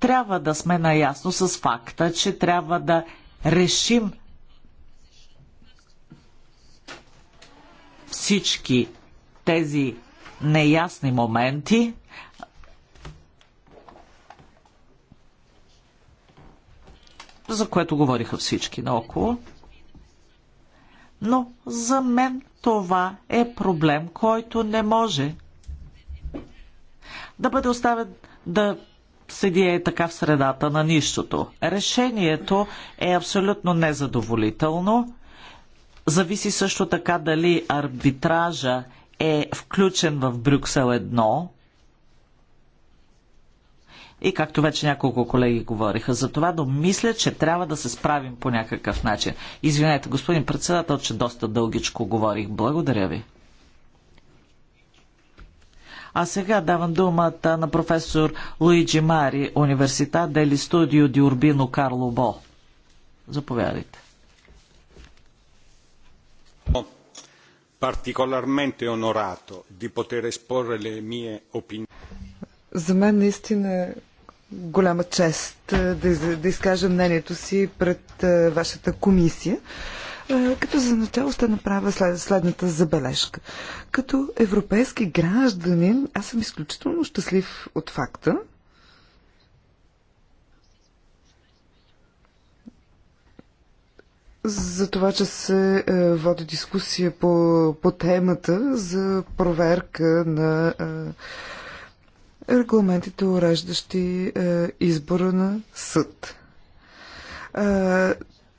трябва да сме наясно с факта, че трябва да решим всички тези неясни моменти, за което говориха всички наоколо. Но за мен това е проблем, който не може да бъде оставен да седи е така в средата на нищото. Решението е абсолютно незадоволително Зависи също така дали арбитража е включен в Брюксел 1. И както вече няколко колеги говориха за това, но мисля, че трябва да се справим по някакъв начин. Извинете, господин председател, че доста дългичко говорих. Благодаря ви. А сега давам думата на професор Луиджи Мари, университет Дели Студио Диурбино Карло Бо. Заповядайте. particolarmente onorato di poter esporre le mie opinioni. За мен наистина е голяма чест е, да, да изкажа мнението си пред е, вашата комисия. Е, като за начало ще направя след, следната забележка. Като европейски гражданин, аз съм изключително щастлив от факта, за това, че се е, води дискусия по, по темата за проверка на е, регламентите, уреждащи е, избора на съд.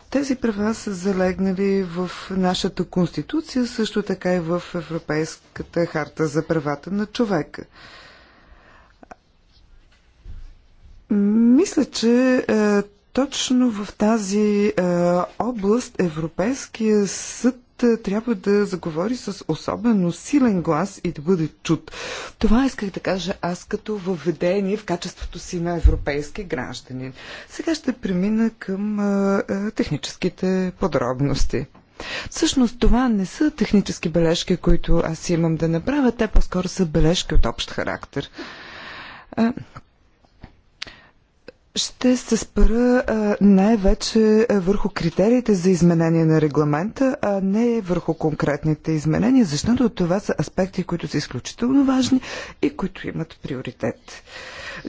Тези права са залегнали в нашата конституция, също така и в Европейската харта за правата на човека. Мисля, че е, точно в тази е, област Европейския съд е, трябва да заговори с особено силен глас и да бъде чут. Това исках да кажа аз като въведение в качеството си на европейски гражданин. Сега ще премина към е, е техническите подробности. Всъщност това не са технически бележки, които аз имам да направя, те по-скоро са бележки от общ характер. Ще се спра най-вече върху критериите за изменение на регламента, а не върху конкретните изменения, защото това са аспекти, които са изключително важни и които имат приоритет.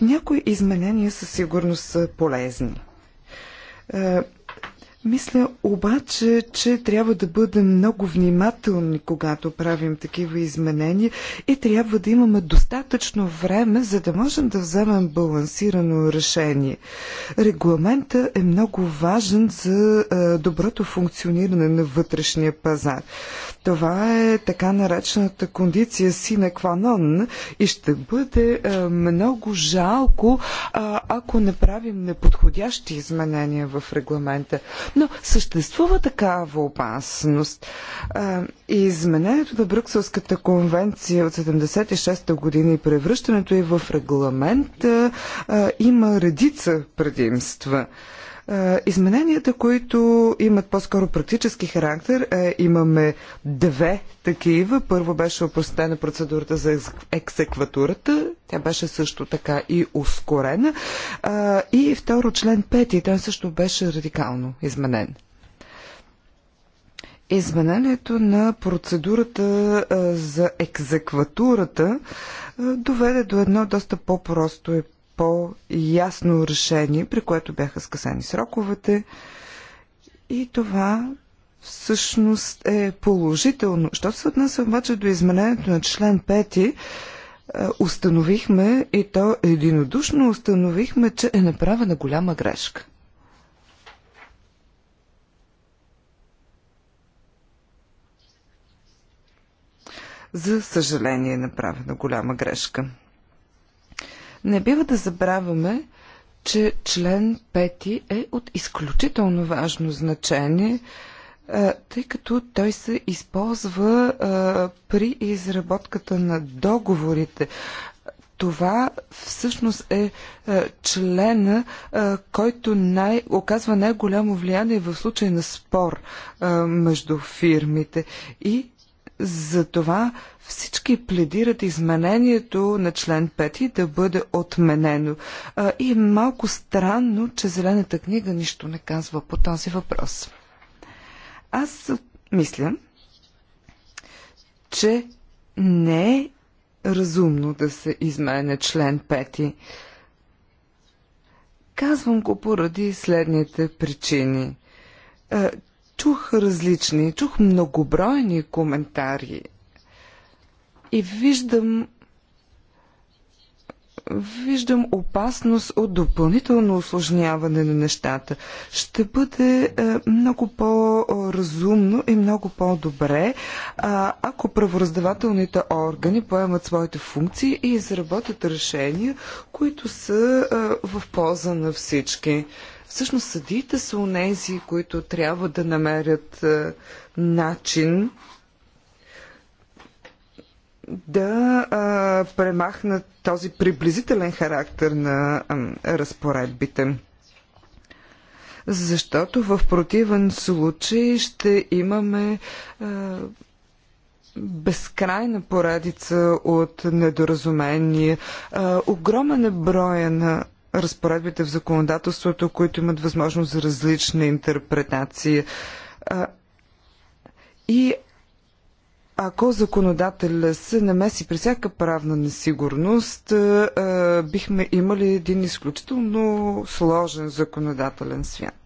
Някои изменения със сигурност са полезни. Мисля обаче, че трябва да бъдем много внимателни, когато правим такива изменения и трябва да имаме достатъчно време, за да можем да вземем балансирано решение. Регламента е много важен за е, доброто функциониране на вътрешния пазар. Това е така наречената кондиция sine qua non и ще бъде е, много жалко, ако не правим неподходящи изменения в регламента. Но съществува такава опасност. И изменението на Брюкселската конвенция от 76-та година и превръщането й в регламент има редица предимства. Измененията, които имат по-скоро практически характер, е, имаме две такива. Първо беше опростена процедурата за екзекватурата. Тя беше също така и ускорена. И второ член 5, той също беше радикално изменен. Изменението на процедурата за екзекватурата доведе до едно доста по-просто и по-ясно решение, при което бяха скъсани сроковете. И това всъщност е положително. Що се отнася обаче до изменението на член 5, е, установихме и то единодушно установихме, че е направена голяма грешка. За съжаление е направена голяма грешка. Не бива да забравяме, че член 5 е от изключително важно значение, е, тъй като той се използва е, при изработката на договорите. Това всъщност е, е члена, който най, оказва най-голямо влияние в случай на спор между фирмите. И затова всички пледират изменението на член 5 да бъде отменено. И е малко странно, че Зелената книга нищо не казва по този въпрос. Аз мисля, че не е разумно да се изменя член 5. Казвам го поради следните причини. Чух различни, чух многобройни коментари и виждам виждам опасност от допълнително осложняване на нещата. Ще бъде е, много по-разумно и много по-добре, е, ако правораздавателните органи поемат своите функции и изработят решения, които са е, в полза на всички. Всъщност съдиите са унези, които трябва да намерят е, начин да а, е, премахнат този приблизителен характер на а, разпоредбите. Защото в противен случай ще имаме а, е, безкрайна поредица от недоразумения. А, огромен е броя на разпоредбите в законодателството, които имат възможност за различни интерпретации. И ако законодателя се намеси при всяка правна несигурност, бихме имали един изключително сложен законодателен свят.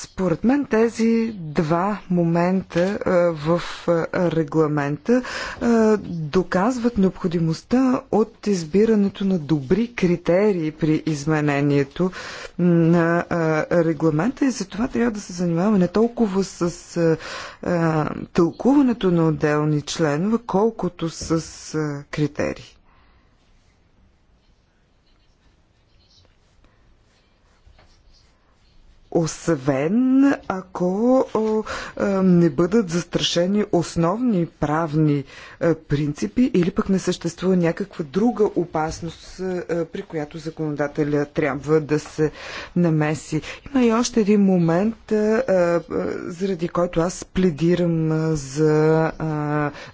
Според мен тези два момента в регламента доказват необходимостта от избирането на добри критерии при изменението на регламента и за това трябва да се занимаваме не толкова с тълкуването на отделни членове, колкото с критерии. освен ако не бъдат застрашени основни правни принципи или пък не съществува някаква друга опасност, при която законодателя трябва да се намеси. Има и още един момент, заради който аз пледирам за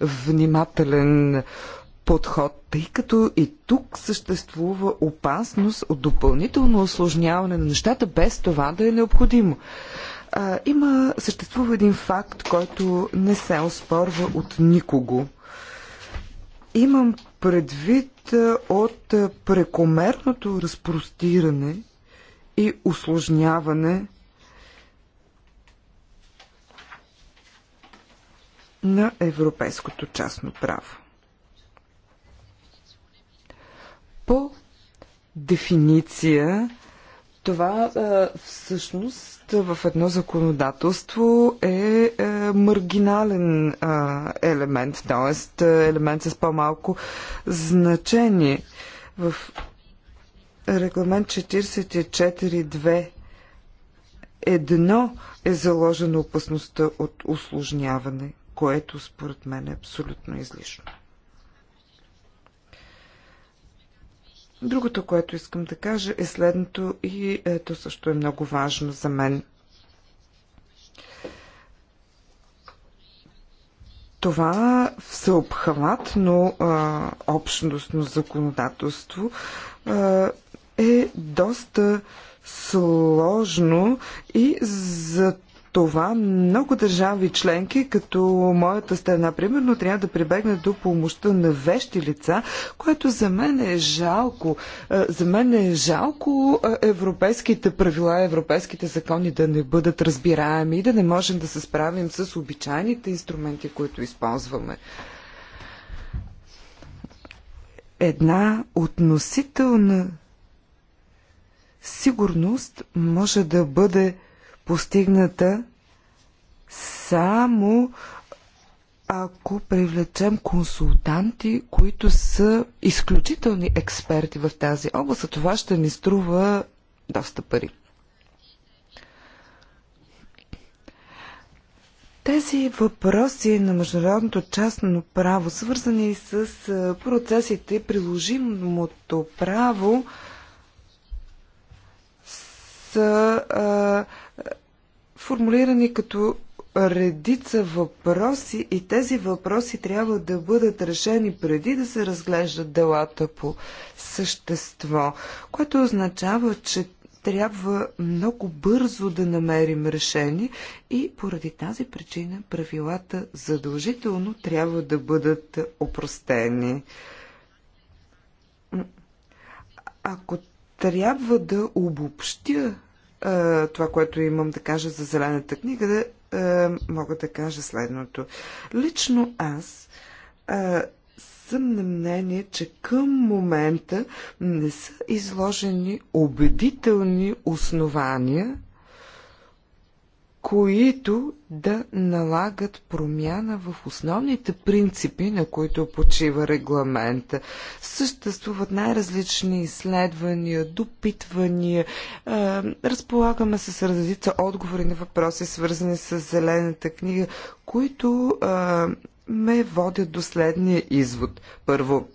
внимателен подход, тъй като и тук съществува опасност от допълнително осложняване на нещата, без това да е необходимо. А, има, съществува един факт, който не се оспорва от никого. Имам предвид от прекомерното разпростиране и осложняване на европейското частно право. По дефиниция това всъщност в едно законодателство е, е маргинален елемент, т.е. елемент с по-малко значение. В регламент 44.2 едно е заложено опасността от осложняване, което според мен е абсолютно излишно. Другото, което искам да кажа е следното и ето също е много важно за мен. Това всеобхватно а, е, общностно законодателство а, е, е доста сложно и за това много държави членки, като моята страна, примерно, трябва да прибегнат до помощта на вещи лица, което за мен е жалко. Е, за мен е жалко е, европейските правила, европейските закони да не бъдат разбираеми и да не можем да се справим с обичайните инструменти, които използваме една относителна сигурност може да бъде постигната само ако привлечем консултанти, които са изключителни експерти в тази област, а това ще ни струва доста пари. Тези въпроси на международното частно право, свързани с процесите приложимото право, са а, формулирани като редица въпроси и тези въпроси трябва да бъдат решени преди да се разглеждат делата по същество, което означава, че трябва много бързо да намерим решение и поради тази причина правилата задължително трябва да бъдат опростени. Ако трябва да обобщя това, което имам да кажа за зелената книга, да, мога да кажа следното. Лично аз съм на мнение, че към момента не са изложени убедителни основания които да налагат промяна в основните принципи, на които почива регламента. Съществуват най-различни изследвания, допитвания, Разполагаме се с редица отговори на въпроси, свързани с Зелената книга, които ме водят до следния извод. Първо,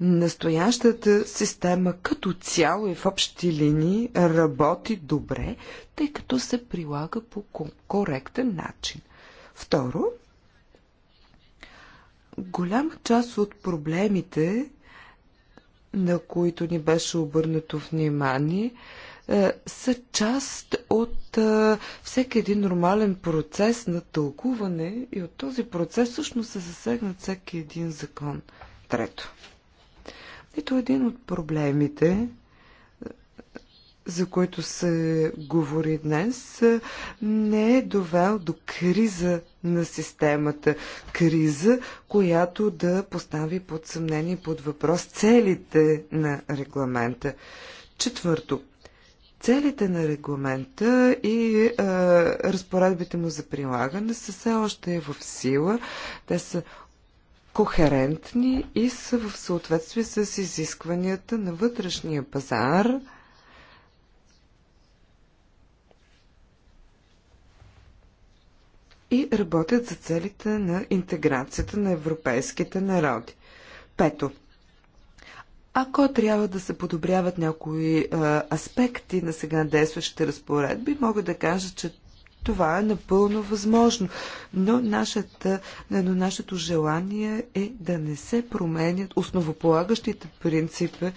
Настоящата система като цяло и в общи линии работи добре, тъй като се прилага по коректен начин. Второ, голяма част от проблемите, на които ни беше обърнато внимание, е, са част от е, всеки един нормален процес на тълкуване и от този процес всъщност се засегнат всеки един закон. Трето. Ето един от проблемите, за които се говори днес, не е довел до криза на системата. Криза, която да постави под съмнение под въпрос целите на регламента. Четвърто. Целите на регламента и а, е, разпоредбите му за прилагане са все още в сила. Те са кохерентни и са в съответствие с изискванията на вътрешния пазар. и работят за целите на интеграцията на европейските народи. Пето. Ако трябва да се подобряват някои а, аспекти на сега действащите разпоредби, мога да кажа, че това е напълно възможно. Но, нашата, но нашето желание е да не се променят основополагащите принципи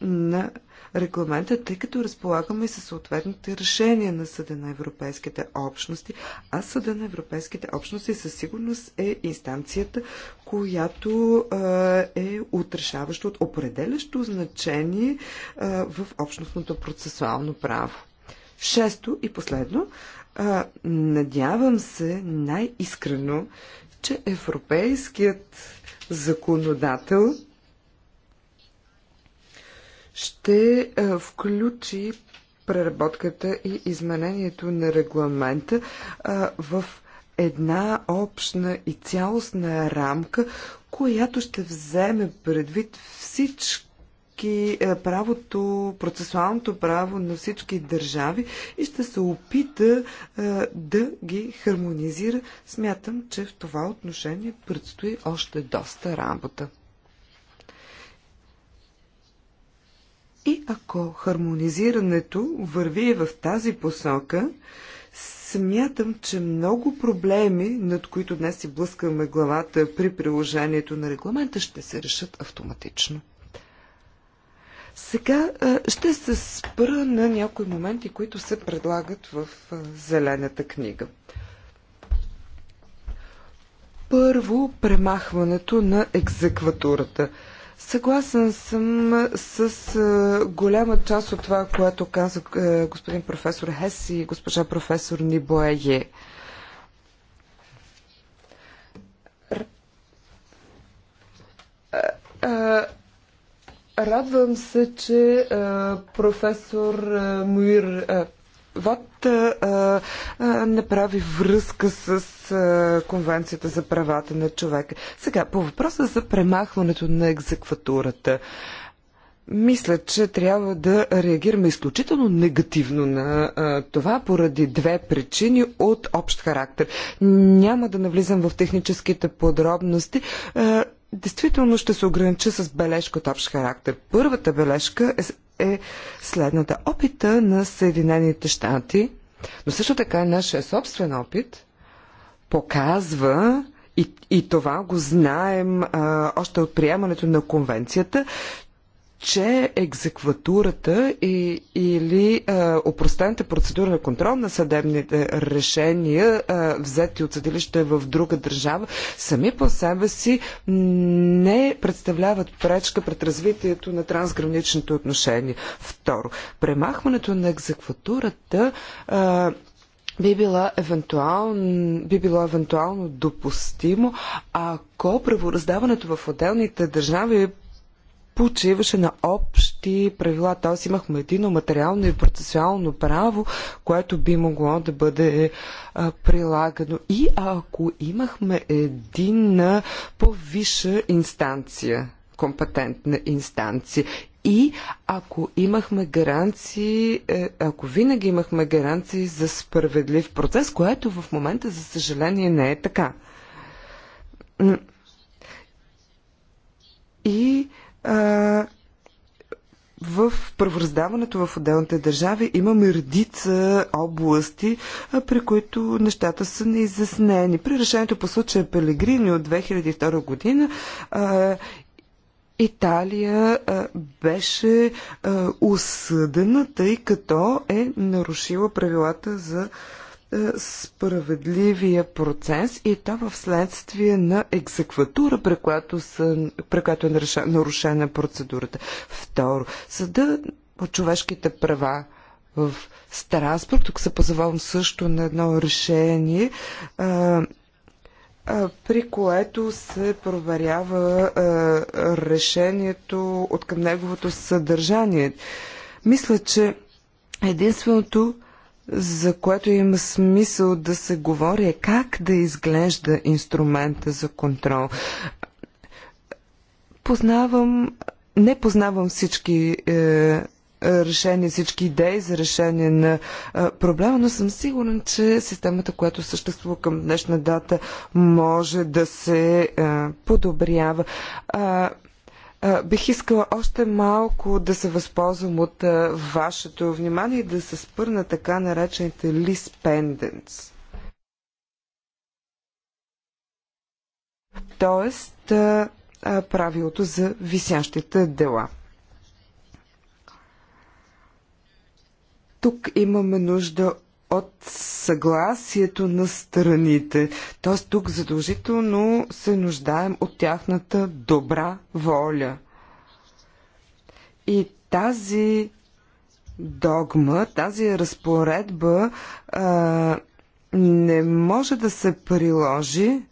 на регламента, тъй като разполагаме и със съответните решения на Съда на Европейските общности, а Съда на Европейските общности със сигурност е инстанцията, която е отрешаващо, от определящо значение в общностното процесуално право. Шесто и последно, а, надявам се най-искрено, че европейският законодател ще а, включи преработката и изменението на регламента а, в една общна и цялостна рамка, която ще вземе предвид всички всички е, правото, процесуалното право на всички държави и ще се опита е, да ги хармонизира. Смятам, че в това отношение предстои още доста работа. И ако хармонизирането върви в тази посока, смятам, че много проблеми, над които днес си блъскаме главата при приложението на регламента, ще се решат автоматично. Сега ще се спра на някои моменти, които се предлагат в Зелената книга. Първо, премахването на екзекватурата. Съгласен съм с голяма част от това, което каза господин професор Хес и госпожа професор Нибоее. Радвам се, че професор Муир а, направи връзка с Конвенцията за правата на човека. Сега, по въпроса за премахването на екзекватурата. Мисля, че трябва да реагираме изключително негативно на а, това поради две причини от общ характер. Няма да навлизам в техническите подробности. А, Действително ще се огранича с бележка от общ характер. Първата бележка е, е следната. Опита на Съединените щати, но също така и нашия собствен опит, показва, и, и това го знаем а, още от приемането на конвенцията, че екзекватурата и, или а, упростената процедура на контрол на съдебните решения, а, взети от съдилище в друга държава, сами по себе си не представляват пречка пред развитието на трансграничните отношения. Второ, премахването на екзекватурата а, би, било, евентуално, би било евентуално допустимо, ако правораздаването в отделните държави почиваше на общи правила. Т.е. имахме едино материално и процесуално право, което би могло да бъде а, прилагано. И ако имахме единна по-висша инстанция, компетентна инстанция, и ако имахме гаранции, е, ако винаги имахме гаранции за справедлив процес, което в момента, за съжаление, не е така. И в правораздаването в отделните държави имаме редица области, при които нещата са неизяснени. При решението по случая Пелегрини от 2002 година Италия беше осъдена, тъй като е нарушила правилата за е, справедливия процес и то в следствие на екзекватура, при която, са, при която е нарушена процедурата. Второ, съда по човешките права в Страсбург, тук се позовавам също на едно решение, а, е, а, е, при което се проверява а, решението от към неговото съдържание. Мисля, че единственото, а, за което има смисъл да се говори е как да изглежда инструмента за контрол. Познавам, не познавам всички е, решения, всички идеи за решение на е, проблема, но съм сигурен, че системата, която съществува към днешна дата, може да се е, подобрява. Бих искала още малко да се възползвам от вашето внимание и да се спър на така наречените лис Пенденс. Тоест, правилото за висящите дела. Тук имаме нужда от съгласието на страните. Т.е. тук задължително се нуждаем от тяхната добра воля. И тази догма, тази разпоредба а, не може да се приложи,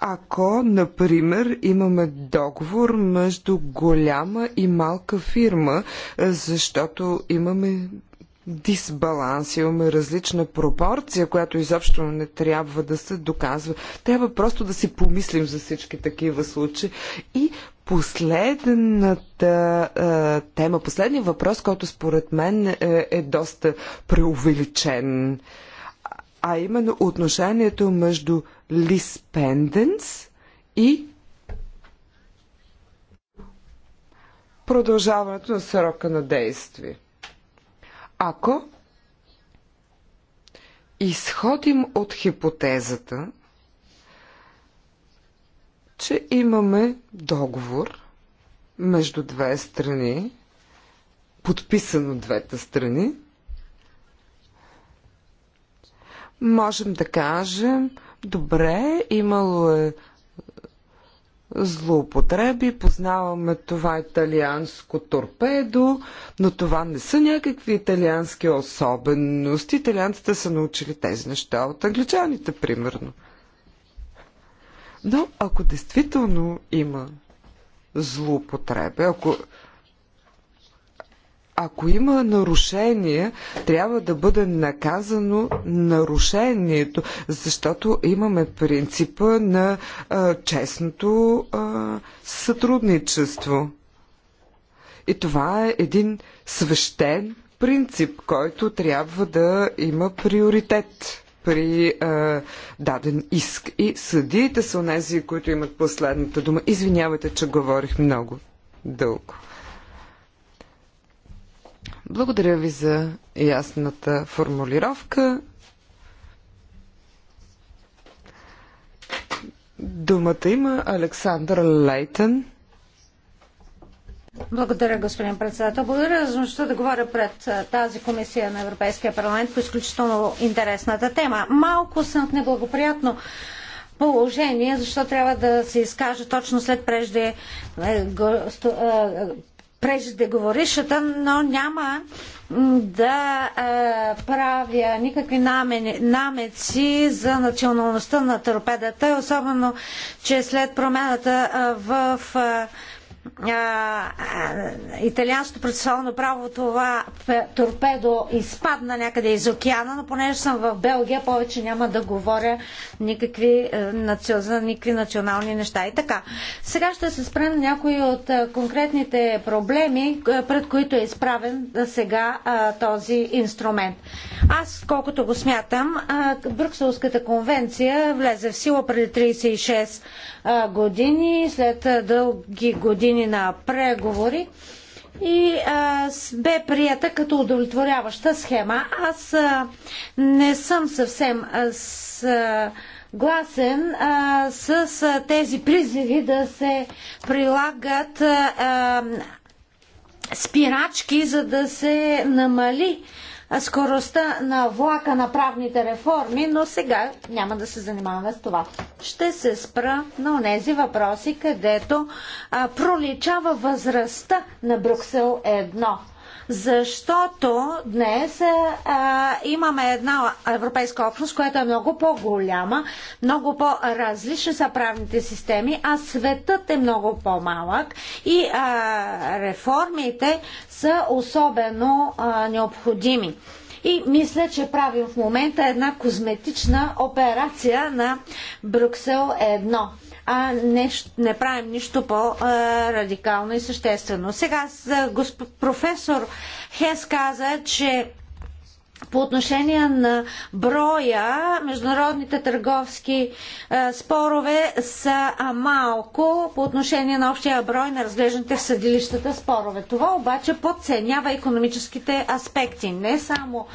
ако, например, имаме договор между голяма и малка фирма, защото имаме дисбаланс, имаме различна пропорция, която изобщо не трябва да се доказва. Трябва просто да си помислим за всички такива случаи. И последната а, тема, последният въпрос, който според мен е, е доста преувеличен, а именно отношението между лиспенденс и продължаването на срока на действие. Ако изходим от хипотезата, че имаме договор между две страни, подписан от двете страни, можем да кажем, добре, имало е злоупотреби, познаваме това италианско торпедо, но това не са някакви италиански особености. Италианците са научили тези неща от англичаните, примерно. Но ако действително има злоупотреби, ако ако има нарушение, трябва да бъде наказано нарушението, защото имаме принципа на а, честното а, сътрудничество. И това е един свещен принцип, който трябва да има приоритет при а, даден иск. И съдиите са онези, които имат последната дума. Извинявайте, че говорих много дълго. Благодаря ви за ясната формулировка. Думата има Александър Лейтън. Благодаря, господин председател. Благодаря за възможността да говоря пред тази комисия на Европейския парламент по изключително интересната тема. Малко съм в неблагоприятно положение, защото трябва да се изкажа точно след прежде е, е, преждеговорившата, но няма да е, правя никакви намени, намеци за националността на торпедата, особено, че след промената в е, италианското процесуално право това торпедо изпадна някъде из океана, но понеже съм в Белгия, повече няма да говоря никакви, е, за никакви национални неща. И така, сега ще се спрем на някои от е, конкретните проблеми, е, пред които е изправен сега този инструмент. Аз, колкото го смятам, Брюкселската конвенция влезе в сила преди 36 години, след дълги години на преговори и бе прията като удовлетворяваща схема. Аз не съм съвсем с, гласен а, с а, тези призиви да се прилагат а, а, спирачки, за да се намали скоростта на влака на правните реформи, но сега няма да се занимаваме с това. Ще се спра на тези въпроси, където а, проличава възрастта на Брюксел 1 защото днес а, имаме една европейска общност, която е много по-голяма, много по-различни са правните системи, а светът е много по-малък и а, реформите са особено а, необходими. И мисля, че правим в момента една козметична операция на Брюксел 1 а не, не правим нищо по-радикално и съществено. Сега госп... професор Хес каза, че по отношение на броя, международните търговски е, спорове са малко по отношение на общия брой на разглежданите в съдилищата спорове. Това обаче подценява економическите аспекти. Не само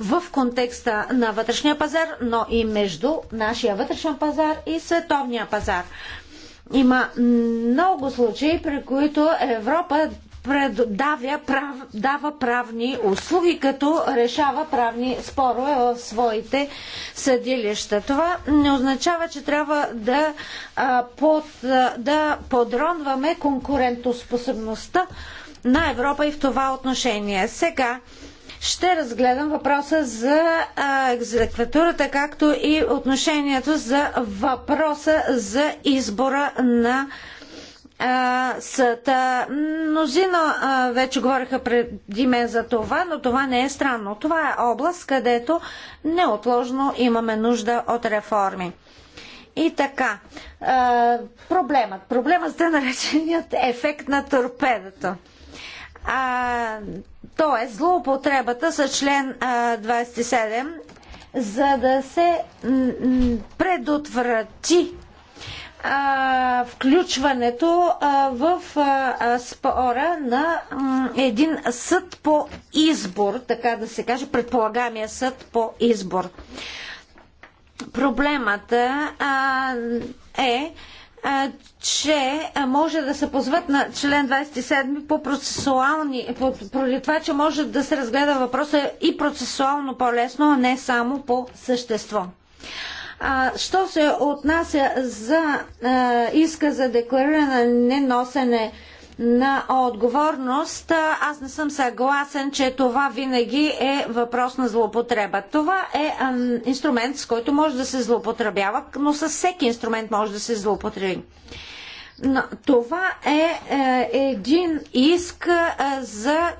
в контекста на вътрешния пазар, но и между нашия вътрешен пазар и световния пазар. Има много случаи, при които Европа предавя, прав, дава правни услуги, като решава правни спорове в своите съдилища. Това не означава, че трябва да, а, под, да подронваме конкурентоспособността на Европа и в това отношение. Сега ще разгледам въпроса за екзекватурата, както и отношението за въпроса за избора на съда. Мнозина вече говориха преди мен за това, но това не е странно. Това е област, където неотложно имаме нужда от реформи. И така, проблемът. Проблемът е нареченият ефект на торпедата. А, тоест, злоупотребата с член а, 27, за да се предотврати а, включването а, в а, спора на един съд по избор, така да се каже, предполагамия съд по избор. Проблемата е че може да се позват на член 27 по процесуални, поради това, че може да се разгледа въпроса и процесуално по-лесно, а не само по същество. А, що се отнася за а, иска за деклариране на неносене на отговорност, аз не съм съгласен, че това винаги е въпрос на злоупотреба. Това е инструмент, с който може да се злоупотребява, но с всеки инструмент може да се злоупотреби. Но това е, е един иск е, за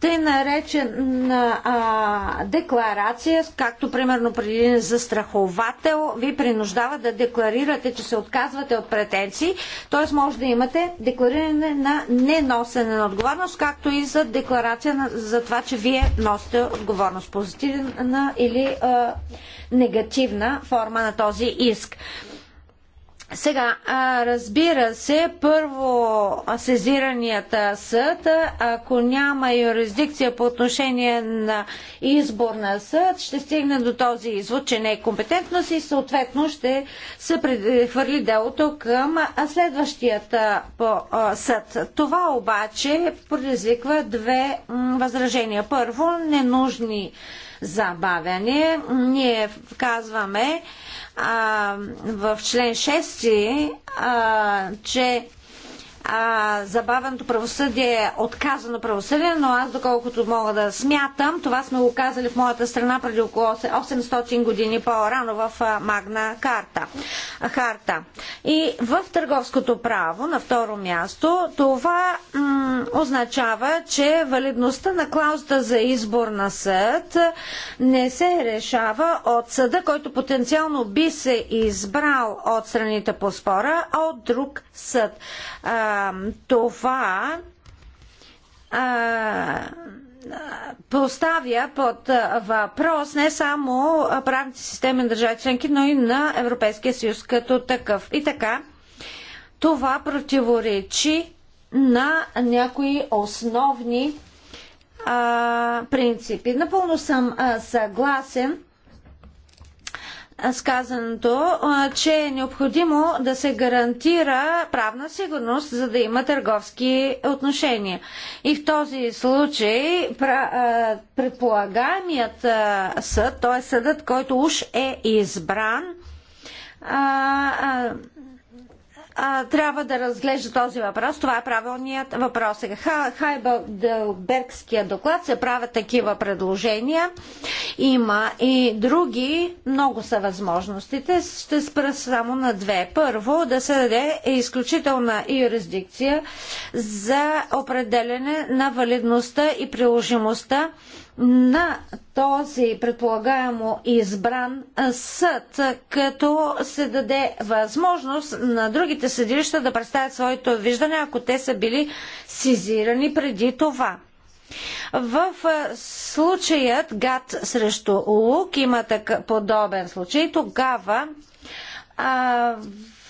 тъй наречена а, декларация, както примерно преди един застраховател, ви принуждава да декларирате, че се отказвате от претенции, т.е. може да имате деклариране на неносене на отговорност, както и за декларация на, за това, че вие носите отговорност, позитивна или а, негативна форма на този иск. Сега, разбира се, първо сезиранията съд, ако няма юрисдикция по отношение на избор на съд, ще стигне до този извод, че не е компетентност и съответно ще се прехвърли делото към следващият съд. Това обаче предизвиква две възражения. Първо, ненужни забавяне. Ние казваме, а, в член 6, а, че а, забавеното правосъдие е отказано правосъдие, но аз доколкото мога да смятам, това сме го казали в моята страна преди около 800 години по-рано в Магна карта, Харта. И в търговското право, на второ място, това означава, че валидността на клаузата за избор на съд не се решава от съда, който потенциално би се избрал от страните по спора, а от друг съд. А, това а, поставя под въпрос не само правните системи на държави членки, но и на Европейския съюз като такъв. И така, това противоречи на някои основни а, принципи. Напълно съм а, съгласен сказаното, че е необходимо да се гарантира правна сигурност, за да има търговски отношения. И в този случай предполагаемият съд, т.е. съдът, който уж е избран, а, трябва да разглежда този въпрос. Това е правилният въпрос. Хайбелбергския доклад се правят такива предложения. Има и други. Много са възможностите. Ще спра само на две. Първо, да се даде изключителна юрисдикция за определене на валидността и приложимостта на този предполагаемо избран съд, като се даде възможност на другите съдилища да представят своето виждане, ако те са били сизирани преди това. В случаят ГАТ срещу ЛУК има такъв подобен случай. Тогава а,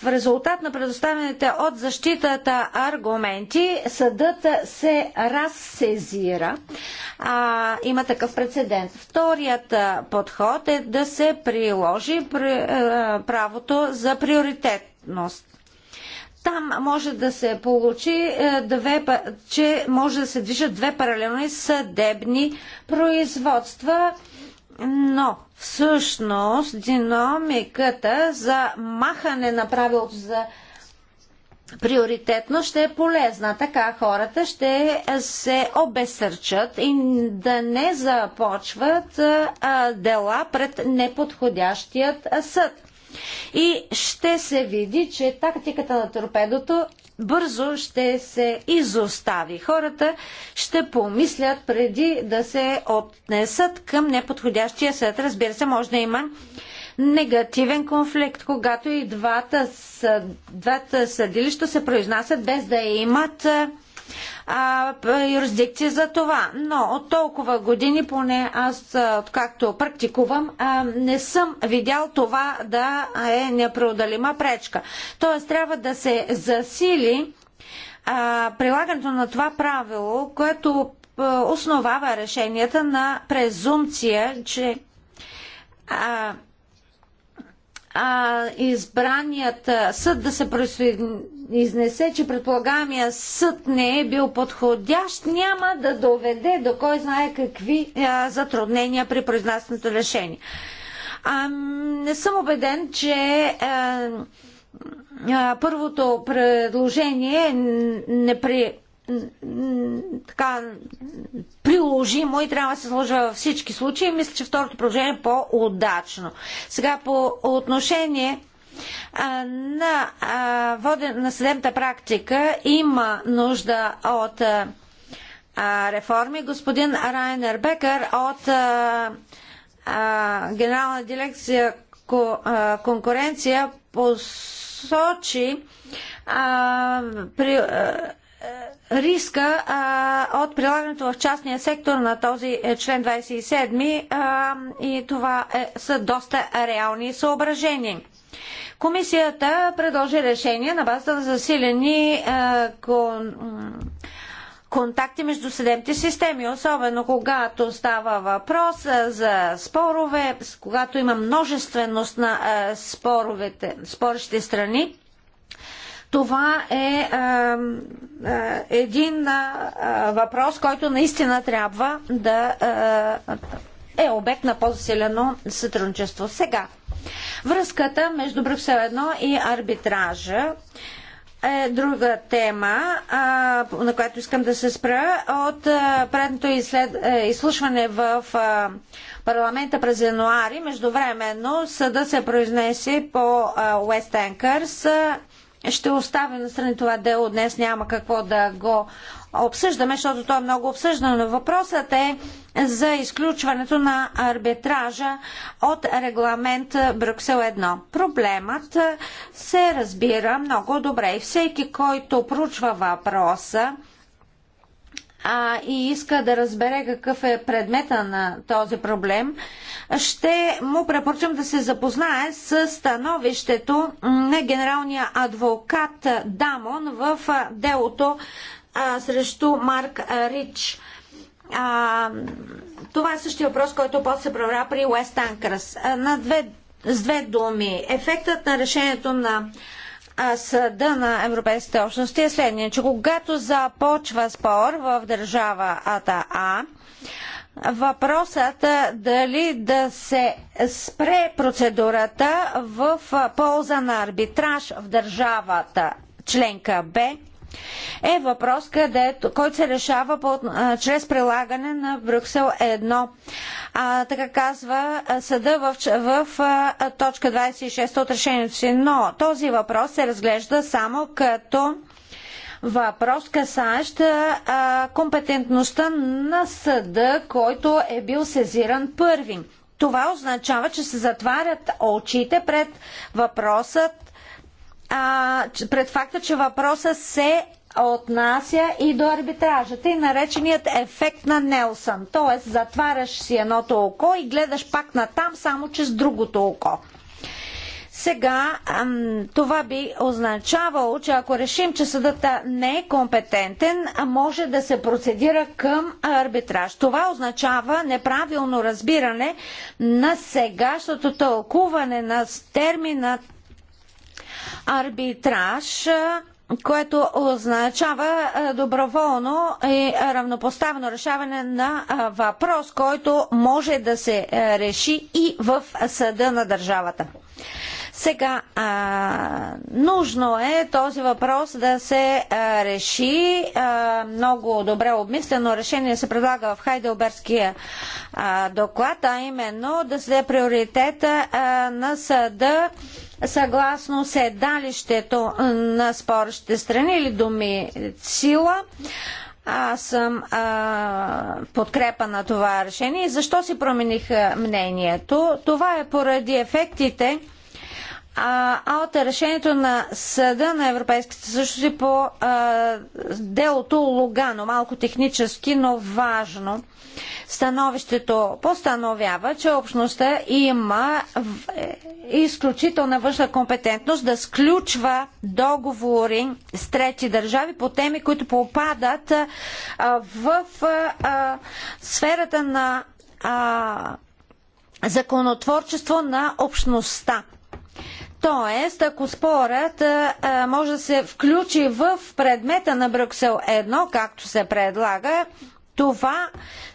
в резултат на предоставените от защитата аргументи, съдът се разсезира. А, има такъв прецедент. Вторият подход е да се приложи правото за приоритетност там може да се получи две, че може да се движат две паралелни съдебни производства, но всъщност динамиката за махане на правилото за приоритетно ще е полезна. Така хората ще се обесърчат и да не започват дела пред неподходящият съд. И ще се види, че тактиката на торпедото бързо ще се изостави. Хората ще помислят преди да се отнесат към неподходящия съд. Разбира се, може да има негативен конфликт, когато и двата, двата съдилища се произнасят без да имат а, за това. Но от толкова години, поне аз, откакто практикувам, а, не съм видял това да е непреодолима пречка. Тоест, трябва да се засили а, прилагането на това правило, което а, основава решенията на презумпция, че а, а, избраният съд да се изнесе, че предполагаемия съд не е бил подходящ, няма да доведе до кой знае какви а, затруднения при произнасянето решение. А, не съм убеден, че а, е, а, първото предложение е не при така приложимо и трябва да се сложа във всички случаи. Мисля, че второто предложение е по-удачно. Сега по отношение на, на съдебната практика има нужда от реформи. Господин Райнер Бекър от Генерална дирекция конкуренция посочи при риска а, от прилагането в частния сектор на този е, член 27 а, и това е, са доста реални съображения. Комисията предложи решение на базата на засилени е, кон контакти между съдебните системи, особено когато става въпрос е, за спорове, когато има множественост на е, споровете, спорещите страни. Това е а, а, един а, въпрос, който наистина трябва да а, е обект на по-засилено сътрудничество. Сега, Връзката между Брюксел 1 и арбитража е друга тема, на която искам да се спра. От предното изслед... Е, изслушване в парламента през януари, междувременно съда се произнесе по Уест Енкърс. Ще оставим на страни това дело. Днес няма какво да го обсъждаме, защото то е много обсъждано. въпросът е за изключването на арбитража от регламент Брюксел 1. Проблемът се разбира много добре и всеки, който проучва въпроса, а, и иска да разбере какъв е предмета на този проблем, ще му препоръчам да се запознае с становището на генералния адвокат Дамон в делото а, срещу Марк Рич. А, това е същия въпрос, който после се проверя при Уест Анкърс. На две, с две думи. Ефектът на решението на съда на Европейските общности е следния, че когато започва спор в държавата А, въпросът дали да се спре процедурата в полза на арбитраж в държавата членка Б е въпрос, където, който се решава по, а, чрез прилагане на Брюксел 1. А, така казва съда в, в а, точка 26 от решението си. Но този въпрос се разглежда само като въпрос, касаещ а, компетентността на съда, който е бил сезиран първи. Това означава, че се затварят очите пред въпросът а, пред факта, че въпроса се отнася и до арбитража. Тъй нареченият ефект на Нелсън. Тоест, затваряш си едното око и гледаш пак на там, само че с другото око. Сега това би означавало, че ако решим, че съдът не е компетентен, може да се процедира към арбитраж. Това означава неправилно разбиране на сегашното тълкуване на термина арбитраж, което означава е, доброволно и равнопоставено решаване на е, въпрос, който може да се е, реши и в съда на държавата. Сега, а, нужно е този въпрос да се а, реши. А, много добре обмислено решение се предлага в Хайделберския а, доклад, а именно да се приоритета а, на съда съгласно седалището на спорещите страни или думи сила, Аз съм а, подкрепа на това решение. Защо си промених мнението? Това е поради ефектите, а, от е решението на съда на Европейските съюзи по а, делото Лугано, малко технически, но важно. Становището постановява, че общността има е, изключителна външна компетентност да сключва договори с трети държави по теми, които попадат а, в а, сферата на а, законотворчество на общността. Тоест, ако спорът а, може да се включи в предмета на Брюксел 1, както се предлага, това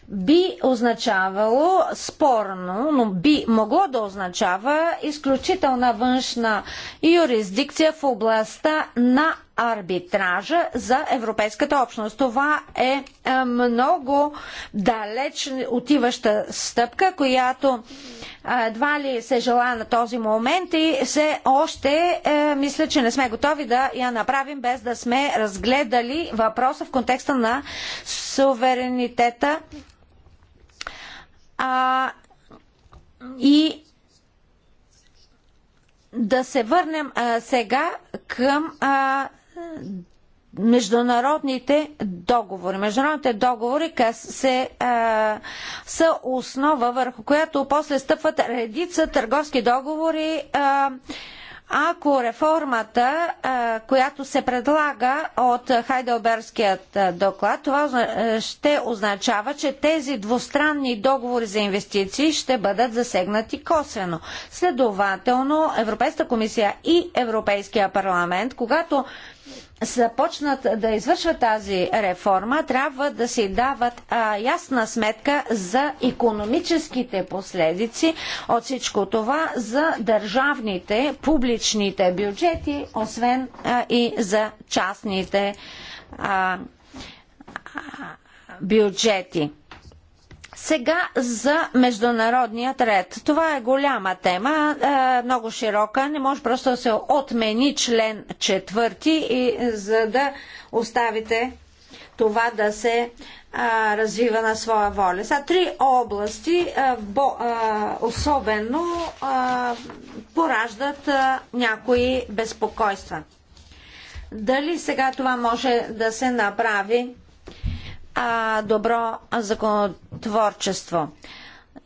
би означавало спорно, но би могло да означава изключителна външна юрисдикция в областта на арбитража за Европейската общност. Това е, е много далеч отиваща стъпка, която е, едва ли се жела на този момент и все още е, мисля, че не сме готови да я направим без да сме разгледали въпроса в контекста на суверенитета а, и да се върнем а, сега към а, международните договори. Международните договори се, а, са основа, върху която после стъпват редица търговски договори. А, ако реформата, а, която се предлага от Хайделбергският доклад, това ще означава, че тези двустранни договори за инвестиции ще бъдат засегнати косвено. Следователно, Европейската комисия и Европейския парламент, когато започнат да извършват тази реформа, трябва да си дават а, ясна сметка за економическите последици от всичко това за държавните, публичните бюджети, освен а, и за частните а, бюджети. Сега за международният ред. Това е голяма тема, е, много широка. Не може просто да се отмени член четвърти, и, за да оставите това да се а, развива на своя воля. Са три области а, бо, а, особено а, пораждат а, някои безпокойства. Дали сега това може да се направи а, добро законотворчество.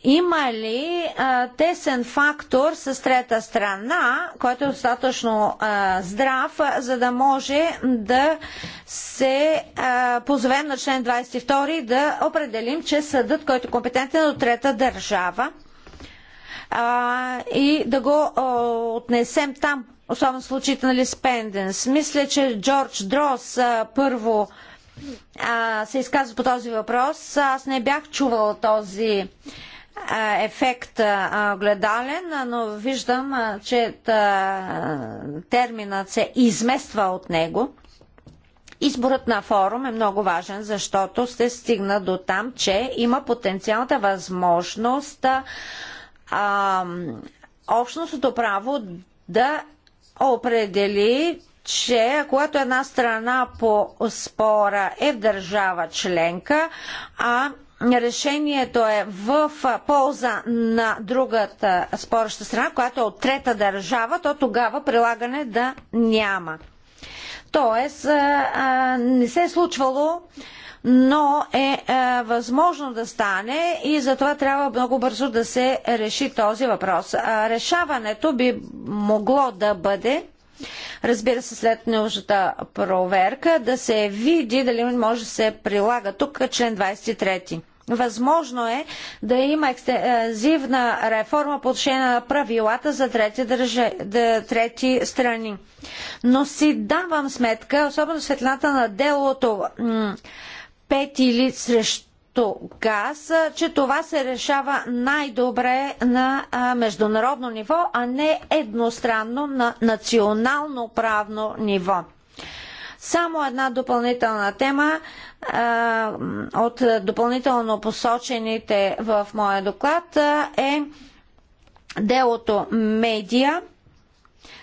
Има ли а, тесен фактор с трета страна, който е достатъчно а, здрав, а, за да може да се а, позовем на член 22 да определим, че съдът, който е компетентен е от трета държава, а, и да го а, отнесем там, особено в случаите на Лиспенденс. Мисля, че Джордж Дрос а, първо а, а, се изказва по този въпрос. Аз не бях чувал този а, ефект а, гледален, но виждам, а, че та, терминът се измества от него. Изборът на форум е много важен, защото се стигна до там, че има потенциалната възможност а, общностното право да определи че когато една страна по спора е в държава членка, а решението е в полза на другата спореща страна, която е от трета държава, то тогава прилагане да няма. Тоест, не се е случвало, но е възможно да стане и затова трябва много бързо да се реши този въпрос. Решаването би могло да бъде Разбира се, след нужната проверка да се види дали може да се прилага тук член 23. Възможно е да има екстензивна реформа по отношение на правилата за трети, държа, трети страни. Но си давам сметка, особено светлината на делото Пети или срещу газ, че това се решава най-добре на международно ниво, а не едностранно на национално правно ниво. Само една допълнителна тема а, от допълнително посочените в моя доклад а, е делото медиа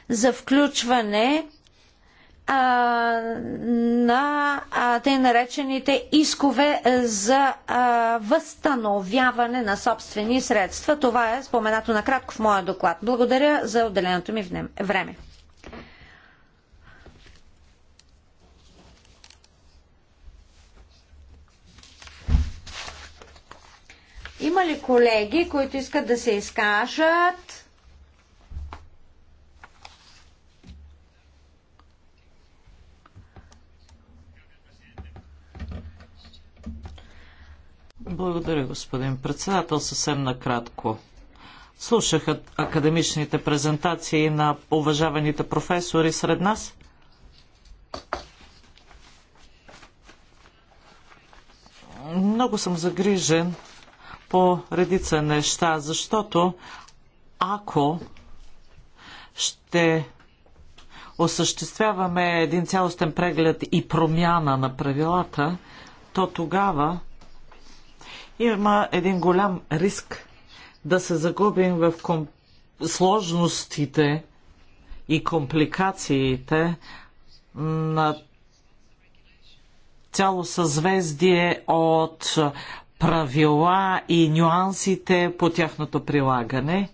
за включване а, на а, тъй наречените искове за а, възстановяване на собствени средства. Това е споменато накратко в моя доклад. Благодаря за отделеното ми време. Има ли колеги, които искат да се изкажат? Благодаря, господин председател. Съвсем накратко. слушаха академичните презентации на уважаваните професори сред нас. Много съм загрижен по редица неща, защото ако ще осъществяваме един цялостен преглед и промяна на правилата, то тогава има един голям риск да се загубим в сложностите и компликациите на цяло съзвездие от правила и нюансите по тяхното прилагане.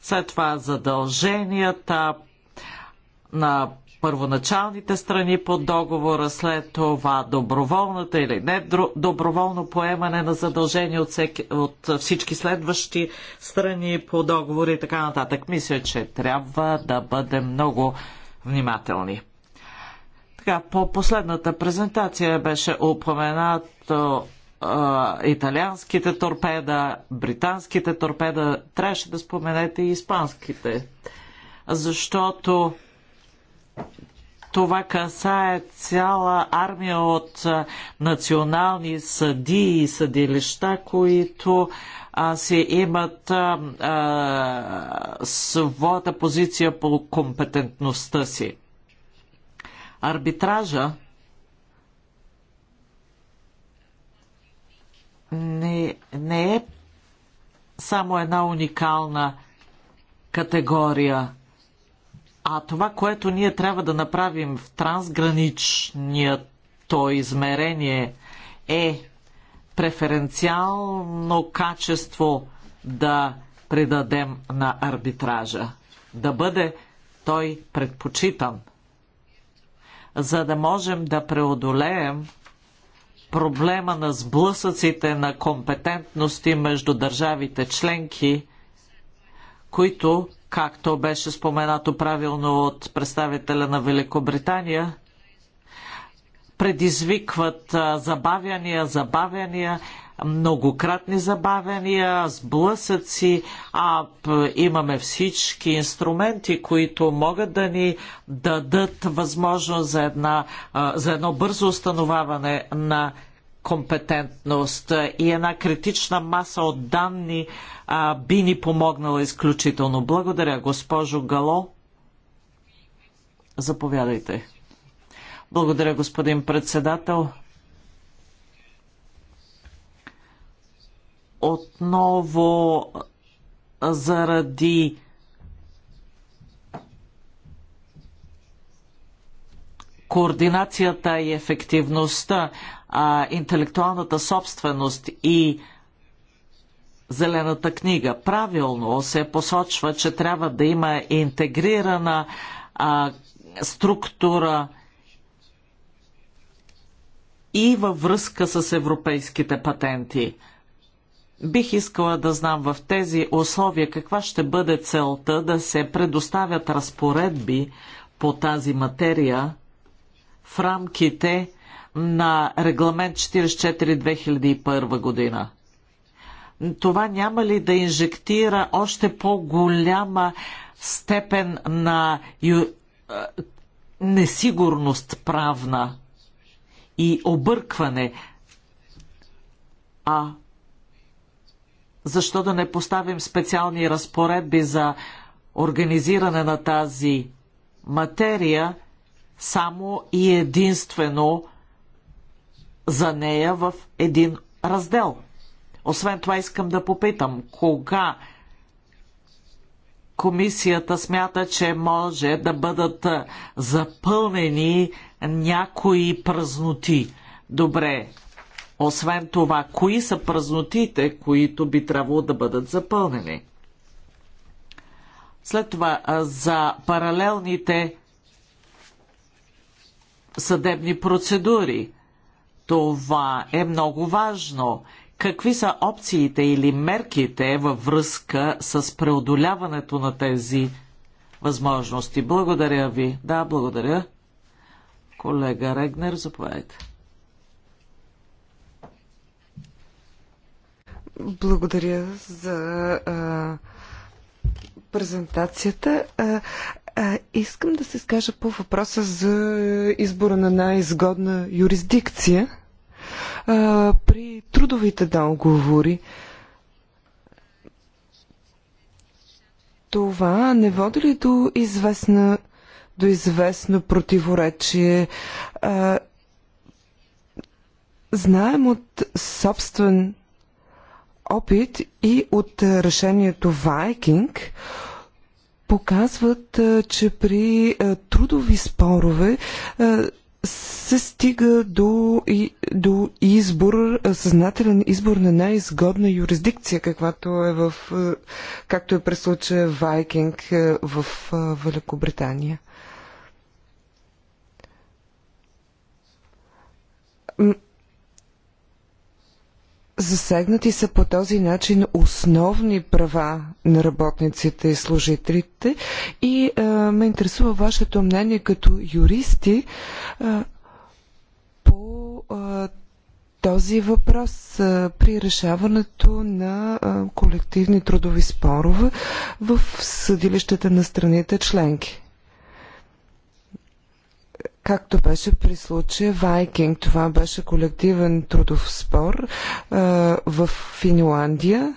След това задълженията на първоначалните страни по договора, след това доброволната или не доброволно поемане на задължения от, всеки, от всички следващи страни по договора и така нататък. Мисля, че трябва да бъдем много внимателни. Така, по последната презентация беше упоменато италианските торпеда, британските торпеда, трябваше да споменете и испанските. Защото това касае цяла армия от национални съди и съдилища, които а, си имат а, а, своята позиция по компетентността си. Арбитража не, не е само една уникална категория а това, което ние трябва да направим в трансграничния то измерение е преференциално качество да предадем на арбитража. Да бъде той предпочитан. За да можем да преодолеем проблема на сблъсъците на компетентности между държавите членки, които както беше споменато правилно от представителя на Великобритания, предизвикват забавяния, забавяния, многократни забавяния, сблъсъци, а имаме всички инструменти, които могат да ни дадат възможност за, една, за едно бързо установяване на компетентност и една критична маса от данни а, би ни помогнала изключително. Благодаря, госпожо Гало. Заповядайте. Благодаря, господин председател. Отново заради координацията и ефективността, а, интелектуалната собственост и Зелената книга. Правилно се посочва, че трябва да има интегрирана а, структура и във връзка с европейските патенти. Бих искала да знам в тези условия каква ще бъде целта да се предоставят разпоредби по тази материя в рамките на регламент 44-2001 година. Това няма ли да инжектира още по-голяма степен на ю... Е, несигурност правна и объркване? А защо да не поставим специални разпоредби за организиране на тази материя – само и единствено за нея в един раздел. Освен това искам да попитам, кога комисията смята, че може да бъдат запълнени някои празноти. Добре, освен това, кои са празнотите, които би трябвало да бъдат запълнени? След това за паралелните съдебни процедури. Това е много важно. Какви са опциите или мерките във връзка с преодоляването на тези възможности? Благодаря ви. Да, благодаря. Колега Регнер, заповядайте. Благодаря за а, презентацията. А, а, искам да се скажа по въпроса за избора на най-изгодна юрисдикция а, при трудовите договори. Това не води ли до известна до известно противоречие. А, знаем от собствен опит и от решението Вайкинг, показват, че при трудови спорове се стига до, до избор, съзнателен избор на най-изгодна юрисдикция, каквато е в, както е през случая Вайкинг в Великобритания. Засегнати са по този начин основни права на работниците и служителите и а, ме интересува вашето мнение като юристи а, по а, този въпрос а, при решаването на а, колективни трудови спорове в съдилищата на страните членки както беше при случая Вайкинг. Това беше колективен трудов спор в Финландия,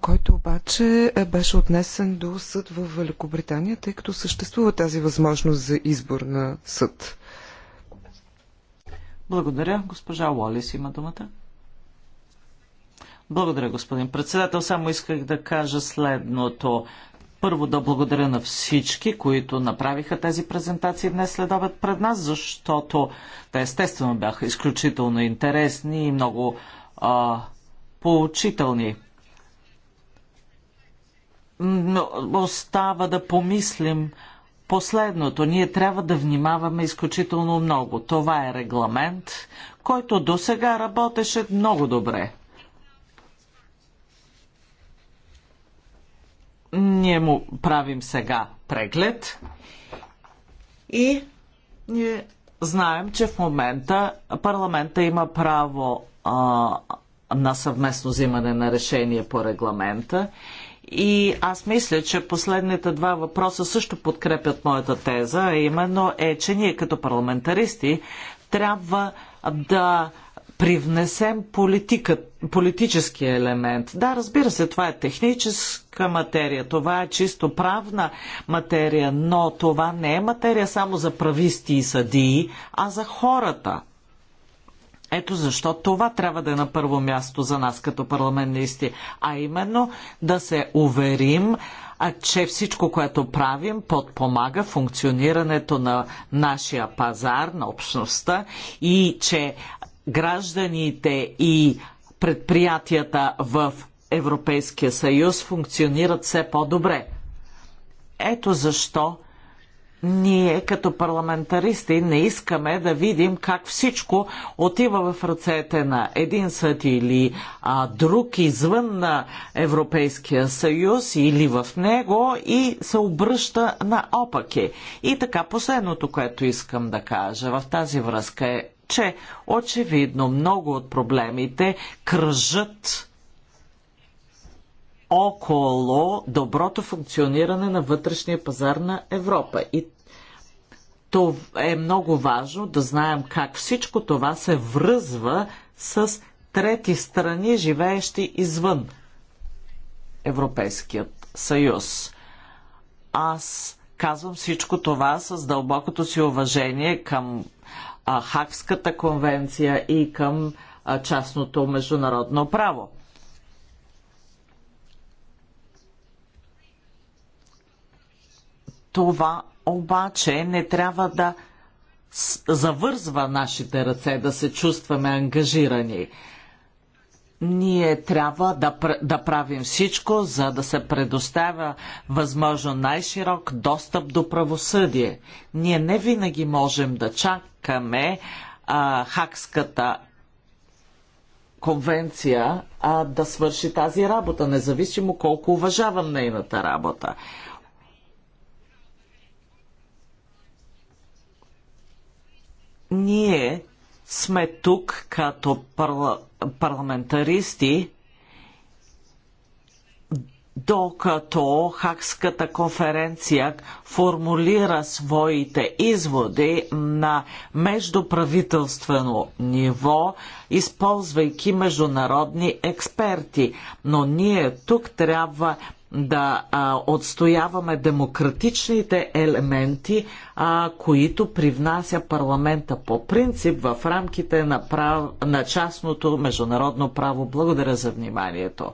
който обаче беше отнесен до съд в Великобритания, тъй като съществува тази възможност за избор на съд. Благодаря. Госпожа Уолис има думата. Благодаря, господин председател. Само исках да кажа следното. Първо да благодаря на всички, които направиха тези презентации днес след обед пред нас, защото те естествено бяха изключително интересни и много а, поучителни. Но остава да помислим последното. Ние трябва да внимаваме изключително много. Това е регламент, който до сега работеше много добре. Ние му правим сега преглед и ние знаем, че в момента парламента има право а, на съвместно взимане на решение по регламента. И аз мисля, че последните два въпроса също подкрепят моята теза, а именно е, че ние като парламентаристи трябва да привнесем политика, политически елемент. Да, разбира се, това е техническа материя, това е чисто правна материя, но това не е материя само за прависти и съдии, а за хората. Ето защо това трябва да е на първо място за нас като парламентисти, а именно да се уверим, а че всичко, което правим, подпомага функционирането на нашия пазар, на общността и че гражданите и предприятията в Европейския съюз функционират все по-добре. Ето защо ние като парламентаристи не искаме да видим как всичко отива в ръцете на един съд или а, друг извън на Европейския съюз или в него и се обръща на Опаки. И така, последното, което искам да кажа в тази връзка е че очевидно много от проблемите кръжат около доброто функциониране на вътрешния пазар на Европа. И то е много важно да знаем как всичко това се връзва с трети страни, живеещи извън Европейският съюз. Аз казвам всичко това с дълбокото си уважение към Хагската Хакската конвенция и към частното международно право. Това обаче не трябва да завързва нашите ръце, да се чувстваме ангажирани ние трябва да, да правим всичко, за да се предоставя възможно най-широк достъп до правосъдие. Ние не винаги можем да чакаме а, хакската конвенция а, да свърши тази работа, независимо колко уважавам нейната работа. Ние сме тук като парла... парламентаристи, докато Хакската конференция формулира своите изводи на междуправителствено ниво, използвайки международни експерти. Но ние тук трябва да а, отстояваме демократичните елементи, а, които привнася парламента по принцип в рамките на, прав... на частното международно право. Благодаря за вниманието.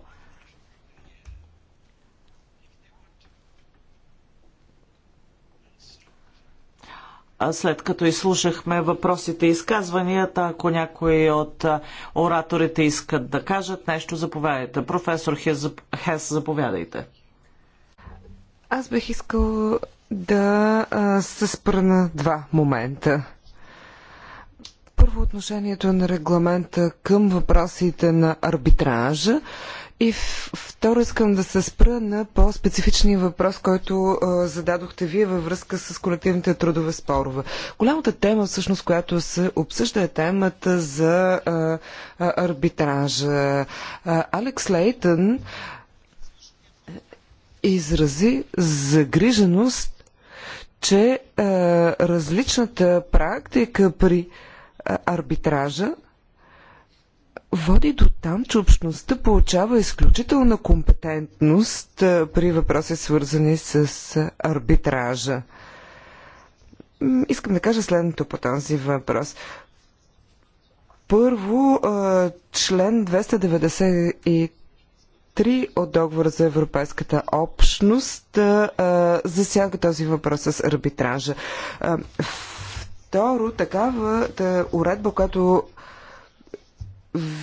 след като изслушахме въпросите и изказванията, ако някои от ораторите искат да кажат нещо, заповядайте. Професор Хес, заповядайте. Аз бих искал да се спра на два момента. Първо отношението на регламента към въпросите на арбитража и второ искам да се спра на по-специфичния въпрос, който а, зададохте вие във връзка с колективните трудове спорове. Голямата тема, всъщност, която се обсъжда е темата за а, а, арбитража. А, Алекс Лейтън изрази загриженост, че а, различната практика при а, арбитража води до там, че общността получава изключителна компетентност при въпроси свързани с арбитража. Искам да кажа следното по този въпрос. Първо, член 293 от договора за Европейската общност засяга този въпрос с арбитража. Второ, такава уредба, която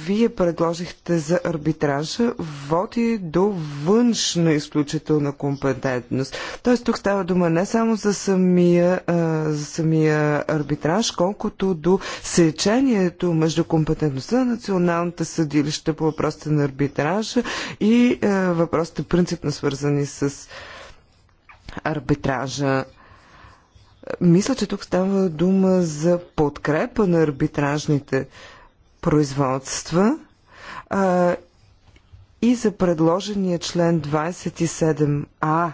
вие предложихте за арбитража, води до външна изключителна компетентност. Тоест тук става дума не само за самия, за самия арбитраж, колкото до сечението между компетентността на националните съдилища по въпросите на арбитража и въпросите принципно свързани с арбитража. Мисля, че тук става дума за подкрепа на арбитражните производства а, и за предложения член 27а,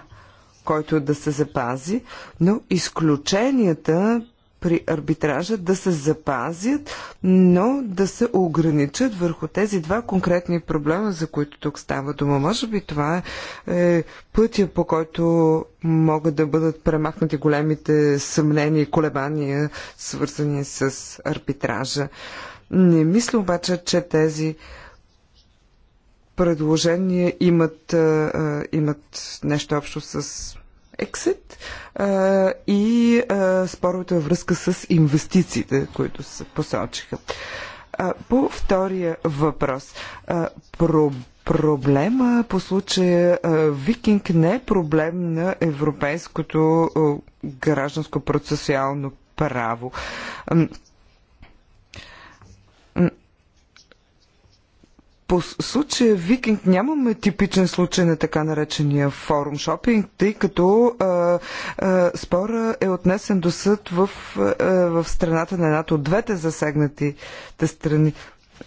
който да се запази, но изключенията при арбитража да се запазят, но да се ограничат върху тези два конкретни проблема, за които тук става дума. Може би това е, е пътя, по който могат да бъдат премахнати големите съмнения и колебания, свързани с арбитража. Не мисля обаче, че тези предложения имат, а, имат нещо общо с ексит а, и а, споровете във връзка с инвестициите, които се посочиха. А, по втория въпрос. А, про, проблема по случая а, Викинг не е проблем на европейското а, гражданско процесуално право. А, По случая Викинг нямаме типичен случай на така наречения форум шопинг, тъй като а, а, спора е отнесен до съд в, а, в страната на едната от двете засегнатите страни.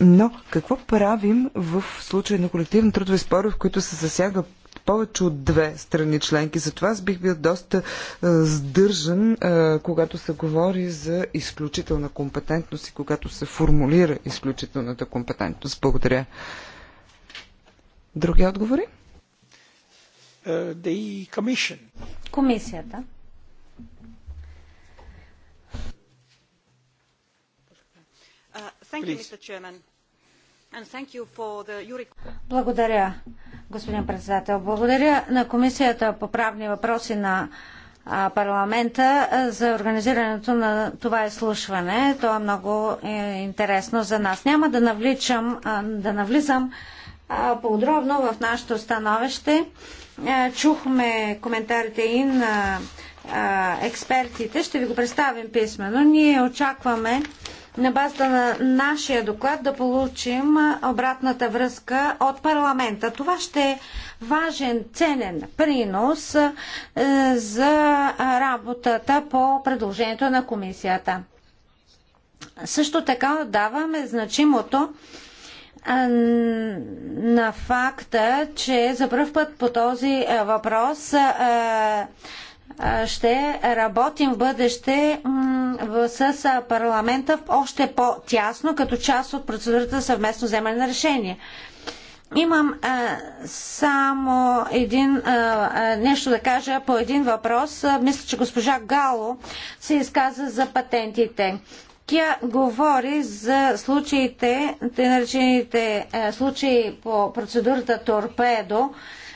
Но какво правим в случай на колективни трудови спори, в които се засяга повече от две страни членки. Затова аз бих бил доста е, сдържан, е, когато се говори за изключителна компетентност и когато се формулира изключителната компетентност. Благодаря. Други отговори? Е, uh, thank Please. you, благодаря, господин председател. Благодаря на Комисията по правни въпроси на парламента за организирането на това изслушване. То е много е, интересно за нас. Няма да, навличам, да навлизам подробно в нашето становище. Чухме коментарите и на експертите. Ще ви го представим писменно. Ние очакваме на базата на нашия доклад да получим обратната връзка от парламента. Това ще е важен, ценен принос е, за работата по предложението на комисията. Също така отдаваме значимото е, на факта, че за първ път по този е, въпрос ще работим в бъдеще с парламента още по-тясно, като част от процедурата за съвместно вземане на решение. Имам а, само един, а, нещо да кажа по един въпрос. Мисля, че госпожа Гало се изказа за патентите. Тя говори за случаите, те наречените а, случаи по процедурата Торпедо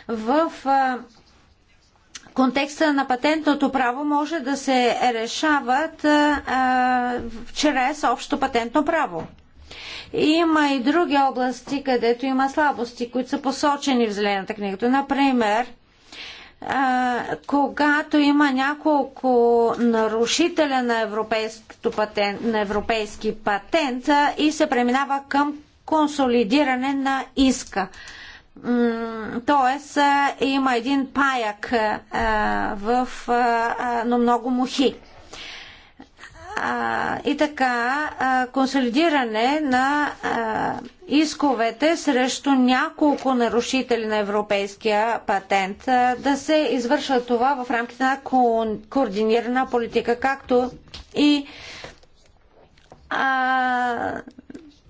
в а, контекста на патентното право може да се решават а, а, чрез общо патентно право. Има и други области, където има слабости, които са посочени в Зелената книга. Например, а, когато има няколко нарушителя на, патент, на европейски патент и се преминава към консолидиране на иска. Тоест, има един паяк в, но много мухи. И така, консолидиране на исковете срещу няколко нарушители на европейския патент. Да се извършва това в рамките на координирана политика, както и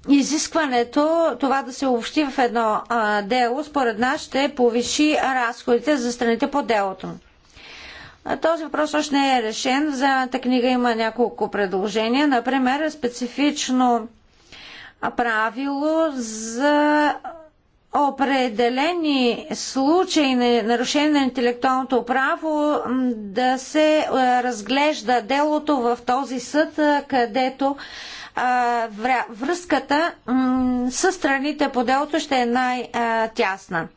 изискването това да се общи в едно а, дело, според нас ще повиши разходите за страните по делото. А този въпрос още не е решен. В заедната книга има няколко предложения. Например, специфично правило за определени случаи на нарушение на интелектуалното право да се разглежда делото в този съд, където връзката с страните по делото ще е най-тясна.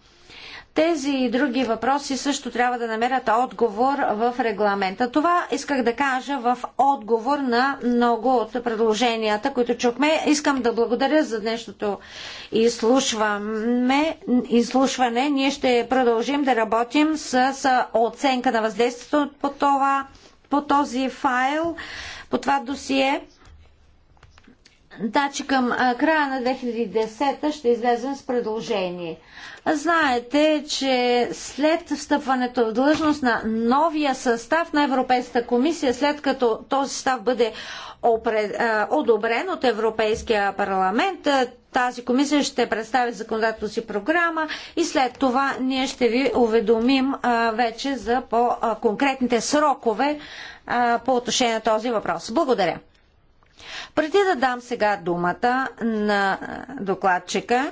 Тези и други въпроси също трябва да намерят отговор в регламента. Това исках да кажа в отговор на много от предложенията, които чухме. Искам да благодаря за днешното изслушване. изслушване. Ние ще продължим да работим с оценка на въздействието по, това, по този файл, по това досие. Да, че към края на 2010 ще излезем с предложение. Знаете, че след встъпването в длъжност на новия състав на Европейската комисия, след като този състав бъде одобрен от Европейския парламент, тази комисия ще представи законодателната си програма и след това ние ще ви уведомим вече за по-конкретните срокове по отношение на този въпрос. Благодаря. Преди да дам сега думата на докладчика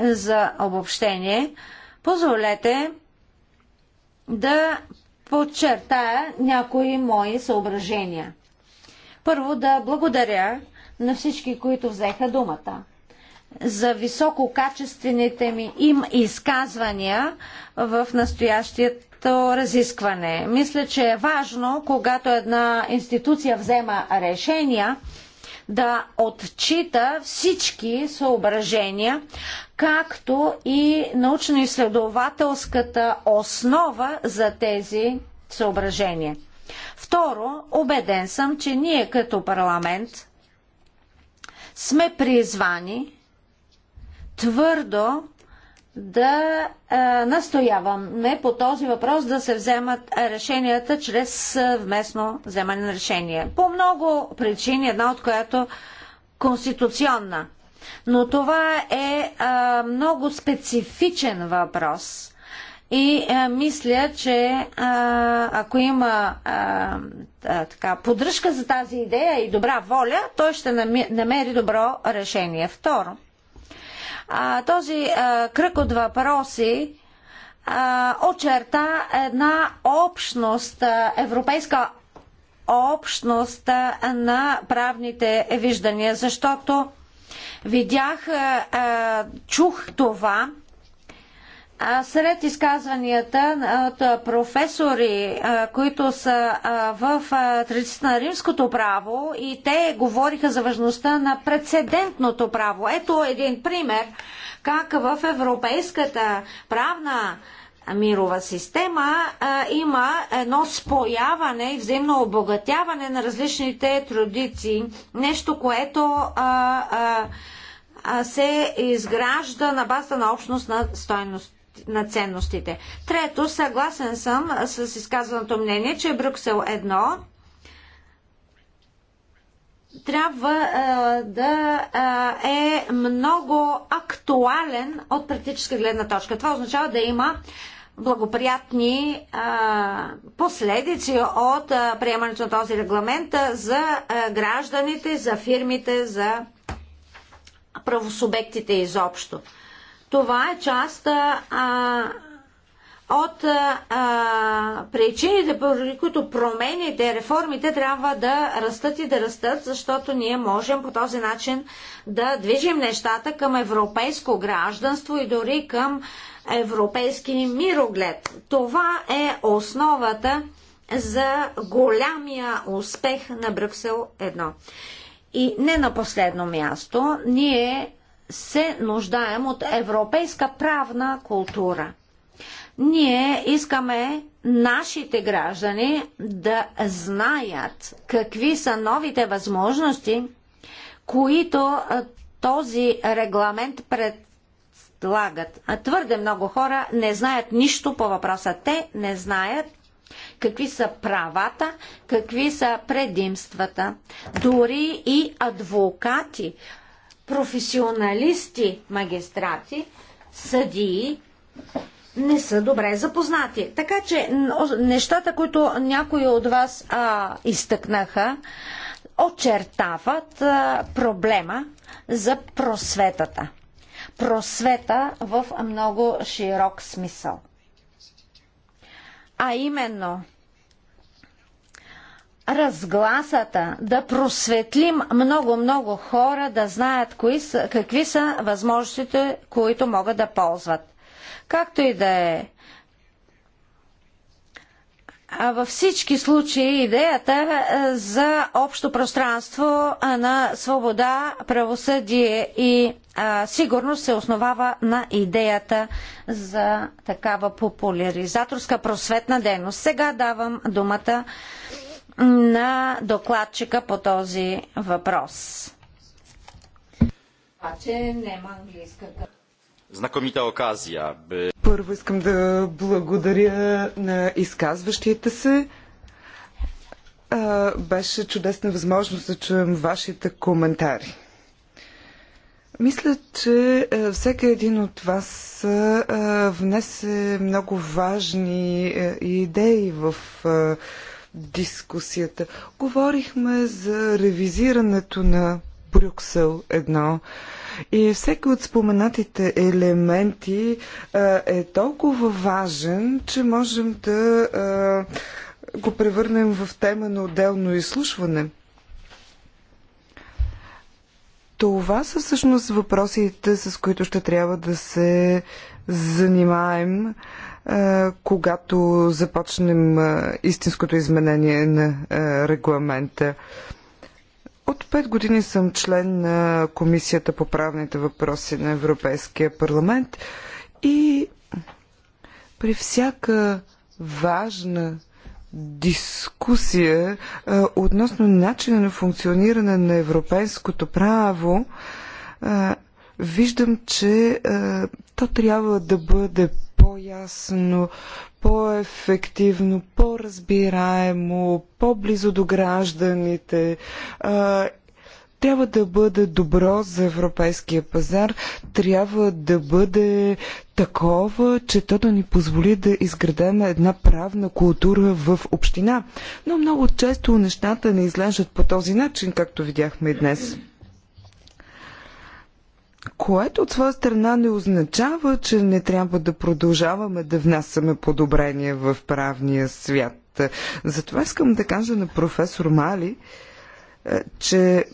за обобщение, позволете да подчертая някои мои съображения. Първо да благодаря на всички, които взеха думата за висококачествените ми им изказвания в настоящият нашето разискване. Мисля, че е важно, когато една институция взема решения, да отчита всички съображения, както и научно-изследователската основа за тези съображения. Второ, убеден съм, че ние като парламент сме призвани твърдо да а, настояваме по този въпрос да се вземат решенията чрез съвместно вземане на решение. По много причини, една от която конституционна. Но това е а, много специфичен въпрос. И а, мисля, че а, ако има а, а, така, поддръжка за тази идея и добра воля, той ще намери добро решение. Второ, а, този а, кръг от въпроси а, очерта една общност, а, европейска общност а, на правните виждания, защото видях, а, чух това сред изказванията от е професори, които са в традицията на римското право и те говориха за важността на прецедентното право. Ето един пример как в европейската правна мирова система а, има едно спояване и взаимно обогатяване на различните традиции. Нещо, което а, а, а, се изгражда на база на общност на стойност на ценностите. Трето, съгласен съм с изказаното мнение, че Брюксел 1 трябва а, е, да а, е много актуален от практическа гледна точка. Това означава да има благоприятни а, е, последици от а, е, приемането на този регламент а, за а, гражданите, за фирмите, за правосубектите изобщо. Това е част а, от а, причините, поради които промените, реформите трябва да растат и да растат, защото ние можем по този начин да движим нещата към европейско гражданство и дори към европейски мироглед. Това е основата за голямия успех на Брюксел 1. И не на последно място, ние се нуждаем от европейска правна култура. Ние искаме нашите граждани да знаят какви са новите възможности, които този регламент предлагат. А твърде много хора не знаят нищо по въпроса. Те не знаят какви са правата, какви са предимствата. Дори и адвокати професионалисти магистрати, съдии, не са добре запознати. Така че нещата, които някои от вас а, изтъкнаха, очертават а, проблема за просветата. Просвета в много широк смисъл. А именно разгласата, да просветлим много-много хора да знаят кои са, какви са възможностите, които могат да ползват. Както и да е. А във всички случаи идеята е, за общо пространство на свобода, правосъдие и а, сигурност се основава на идеята за такава популяризаторска просветна дейност. Сега давам думата на докладчика по този въпрос. А че английската знакомита оказия. Първо искам да благодаря на изказващите се. беше чудесна възможност да чуем вашите коментари. Мисля, че всеки един от вас внесе много важни идеи в дискусията. Говорихме за ревизирането на Брюксел едно. И всеки от споменатите елементи а, е толкова важен, че можем да а, го превърнем в тема на отделно изслушване. Това са всъщност въпросите, с които ще трябва да се занимаем. А, когато започнем истинското изменение на регламента. От пет години съм член на Комисията по правните въпроси на Европейския парламент и при всяка важна дискусия относно начина на функциониране на европейското право, виждам, че то трябва да бъде по-ясно, по-ефективно, по-разбираемо, по-близо до гражданите. трябва да бъде добро за европейския пазар, трябва да бъде такова, че то да ни позволи да изградем една правна култура в община. Но много често нещата не изглеждат по този начин, както видяхме и днес което от своя страна не означава, че не трябва да продължаваме да внасяме подобрения в правния свят. Затова искам да кажа на професор Мали, е, че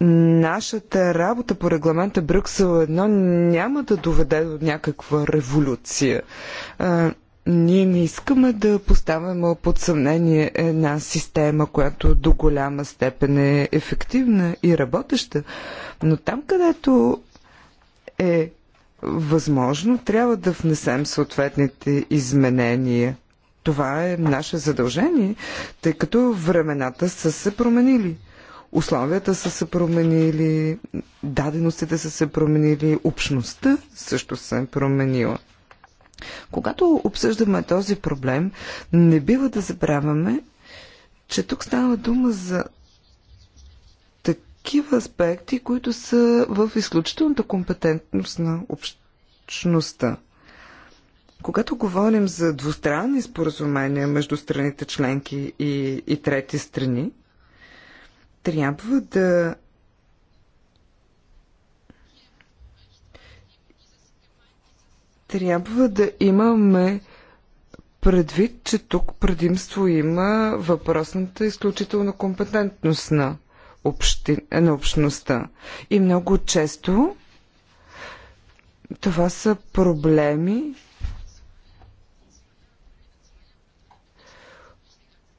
нашата работа по регламента Брюксел 1 няма да доведе до някаква революция. Е, ние не искаме да поставяме под съмнение една система, която до голяма степен е ефективна и работеща, но там, където е възможно, трябва да внесем съответните изменения. Това е наше задължение, тъй като времената са се променили условията са се променили, даденостите са се променили, общността също се е променила. Когато обсъждаме този проблем, не бива да забравяме, че тук става дума за такива аспекти, които са в изключителната компетентност на общността. Когато говорим за двустранни споразумения между страните членки и, и трети страни, трябва да трябва да имаме предвид, че тук предимство има въпросната изключителна компетентност на, общи, на общността. И много често това са проблеми,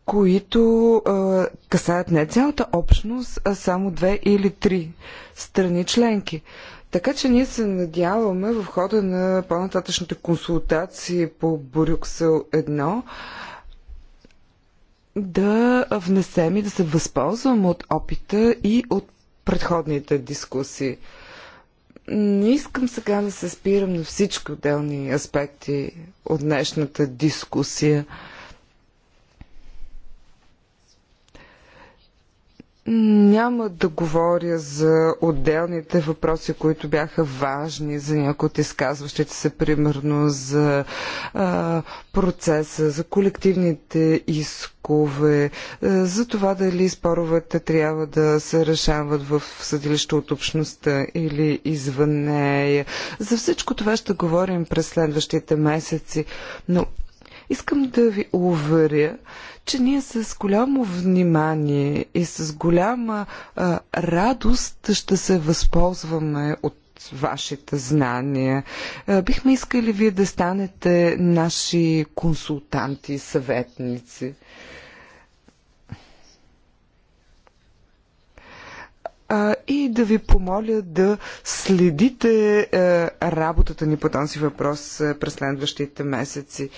които е, касаят не цялата общност, а само две или три страни членки. Така че ние се надяваме в хода на по-нататъчните консултации по Брюксел 1 да внесем и да се възползвам от опита и от предходните дискусии. Не искам сега да се спирам на всички отделни аспекти от днешната дискусия. Няма да говоря за отделните въпроси, които бяха важни за някои от изказващите се, примерно за а, процеса, за колективните искове, а, за това дали споровете трябва да се решават в съдилище от общността или извън нея. За всичко това ще говорим през следващите месеци, но Искам да ви уверя, че ние с голямо внимание и с голяма а, радост ще се възползваме от вашите знания. Бихме искали вие да станете наши консултанти и съветници. а, и да ви помоля да следите а, работата ни по този въпрос през следващите месеци.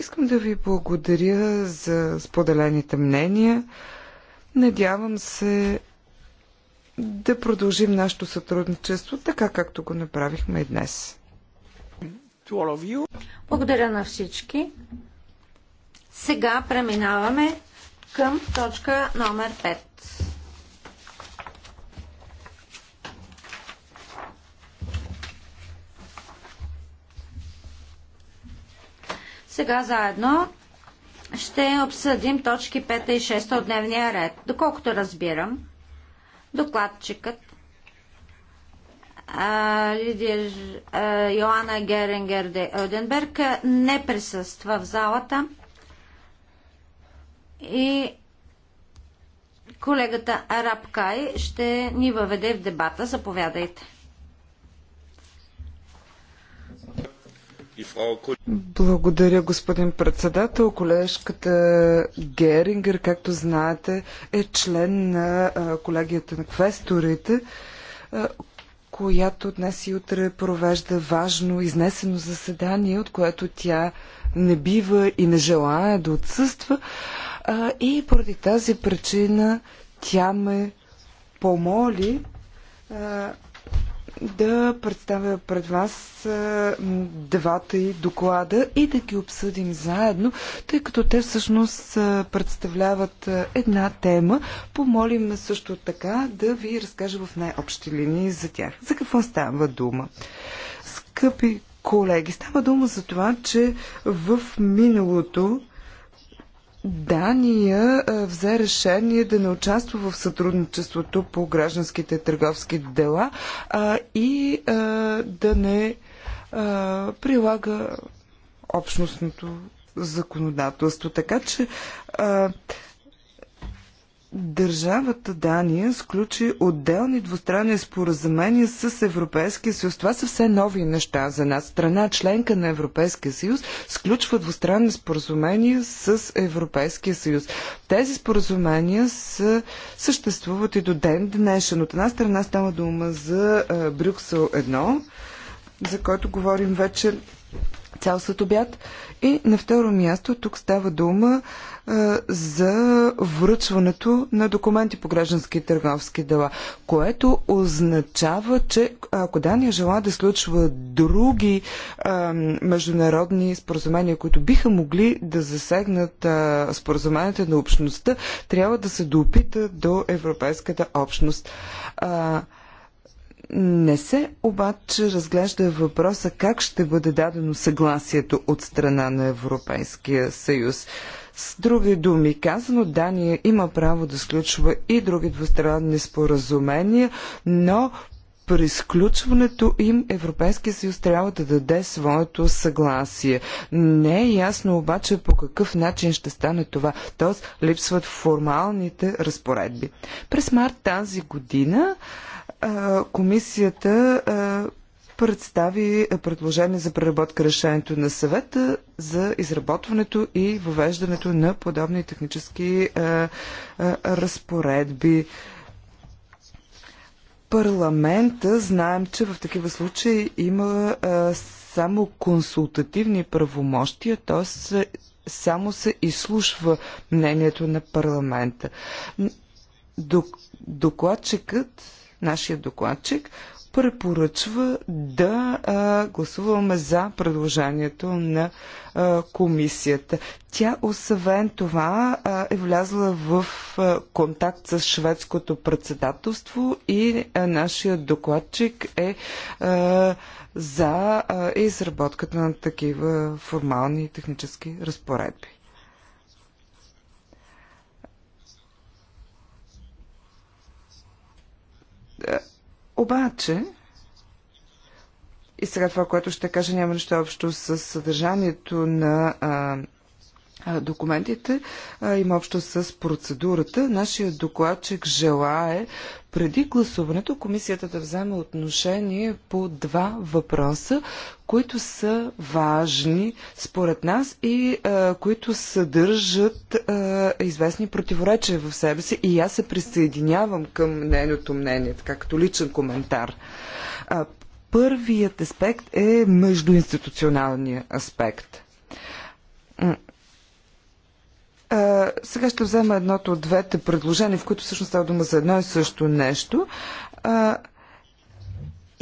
Искам да ви благодаря за споделените мнения. Надявам се да продължим нашето сътрудничество, така както го направихме и днес. Благодаря на всички. Сега преминаваме към точка номер 5. Сега заедно ще обсъдим точки 5 и 6 от дневния ред. Доколкото разбирам, докладчикът Лидия Йоанна Герингер де Оденберг не присъства в залата и колегата Арабкай ще ни въведе в дебата. Заповядайте. Благодаря, господин председател. Колежката Герингер, както знаете, е член на колегията на квесторите, която днес и утре провежда важно, изнесено заседание, от което тя не бива и не желая да отсъства. И поради тази причина тя ме помоли да представя пред вас двата и доклада и да ги обсъдим заедно, тъй като те всъщност представляват една тема. Помолим също така да ви разкажа в най-общи линии за тях. За какво става дума? Скъпи колеги, става дума за това, че в миналото Дания взе решение да не участва в сътрудничеството по гражданските търговски дела а, и а, да не а, прилага общностното законодателство. Така че а, Държавата Дания сключи отделни двустранни споразумения с Европейския съюз. Това са все нови неща за нас. Страна, членка на Европейския съюз, сключва двустранни споразумения с Европейския съюз. Тези споразумения са, съществуват и до ден днешен. От една страна става дума за е, Брюксел 1, за който говорим вече цял след обяд. И на второ място тук става дума а, е, за връчването на документи по граждански и търговски дела, което означава, че ако Дания желая да случва други а, е, международни споразумения, които биха могли да засегнат а, е, споразуменията на общността, трябва да се допита до Европейската общност. А, не се обаче разглежда въпроса как ще бъде дадено съгласието от страна на Европейския съюз. С други думи казано, Дания има право да сключва и други двустранни споразумения, но при сключването им Европейския съюз трябва да даде своето съгласие. Не е ясно обаче по какъв начин ще стане това, т.е. липсват формалните разпоредби. През март тази година комисията представи предложение за преработка решението на съвета за изработването и въвеждането на подобни технически разпоредби парламента знаем, че в такива случаи има само консултативни правомощия, т.е. само се изслушва мнението на парламента. докладчикът нашия докладчик препоръчва да а, гласуваме за предложението на а, комисията. Тя, освен това, а, е влязла в а, контакт с шведското председателство и а, нашия докладчик е а, за а, изработката на такива формални технически разпоредби. Обаче, и сега това, което ще кажа, няма нищо общо с съдържанието на а, документите, а, има общо с процедурата. Нашия докладчик желае преди гласуването комисията да вземе отношение по два въпроса, които са важни според нас и а, които съдържат а, известни противоречия в себе си. И аз се присъединявам към нейното мнение, така като личен коментар. А, първият аспект е междуинституционалния аспект. Е, сега ще взема едното от двете предложения, в които всъщност става дума за едно и също нещо. А, е,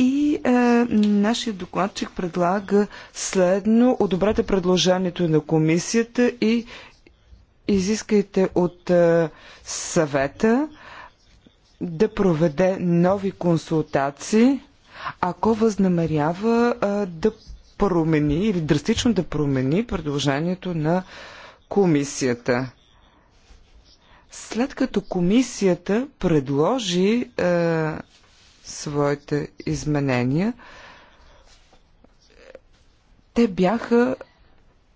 и е, нашия докладчик предлага следно одобрете предложението на комисията и изискайте от е, съвета да проведе нови консултации, ако възнамерява е, да промени или драстично да промени предложението на е, комисията. След като комисията предложи е, своите изменения, те бяха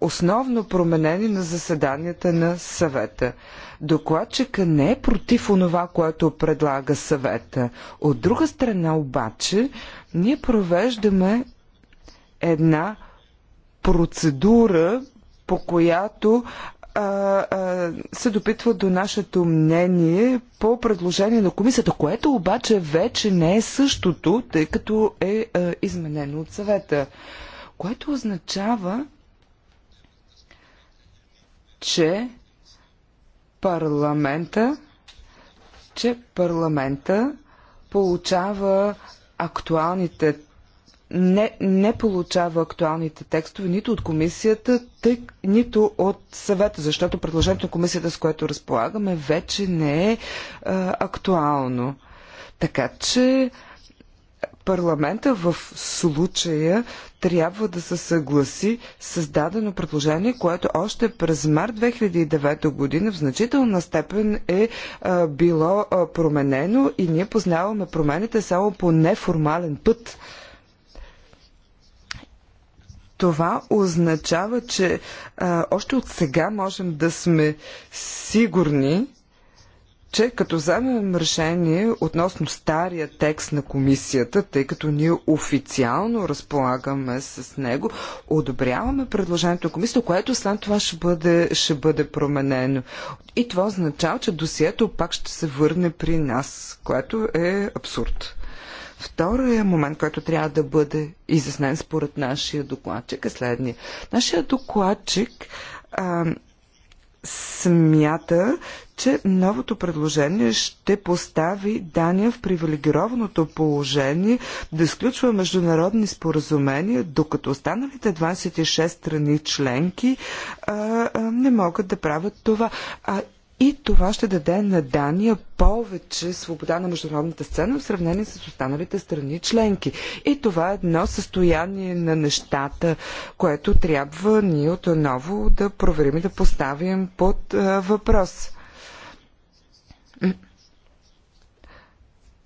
основно променени на заседанията на съвета. Докладчика не е против онова, което предлага съвета. От друга страна обаче, ние провеждаме една процедура, по която се допитва до нашето мнение по предложение на комисията, което обаче вече не е същото, тъй като е изменено от съвета. Което означава, че парламента, че парламента получава актуалните не, не получава актуалните текстове нито от комисията, тъй, нито от съвета, защото предложението на комисията, с което разполагаме, вече не е а, е, актуално. Така че парламента в случая трябва да се съгласи с дадено предложение, което още през март 2009 година в значителна степен е а, е, било а, е, променено и ние познаваме промените само по неформален път. Това означава, че а, още от сега можем да сме сигурни, че като вземем решение относно стария текст на комисията, тъй като ние официално разполагаме с него, одобряваме предложението на комисията, което след това ще бъде, ще бъде променено. И това означава, че досието пак ще се върне при нас, което е абсурд. Втория момент, който трябва да бъде изяснен според нашия докладчик е следния. Нашия докладчик а, смята, че новото предложение ще постави Дания в привилегированото положение да изключва международни споразумения, докато останалите 26 страни членки а, а, не могат да правят това. А, и това ще даде на Дания повече свобода на международната сцена в сравнение с останалите страни членки. И това е едно състояние на нещата, което трябва ние отново да проверим и да поставим под а, въпрос.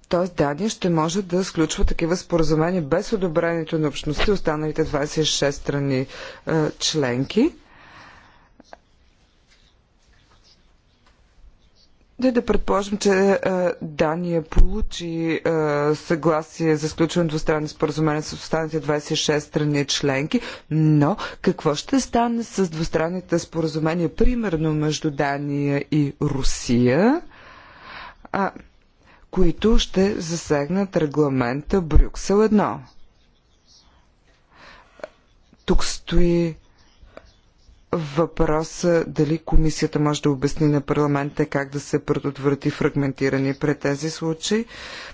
Тоест Дания ще може да сключва такива споразумения без одобрението на общността и останалите 26 страни а, членки. Да, да предположим, че Дания получи съгласие за сключване двустранни споразумения с останалите 26 страни членки, но какво ще стане с двустранните споразумения, примерно между Дания и Русия, а, които ще засегнат регламента Брюксел 1? Тук стои въпроса дали комисията може да обясни на парламента как да се предотврати фрагментиране при тези случаи.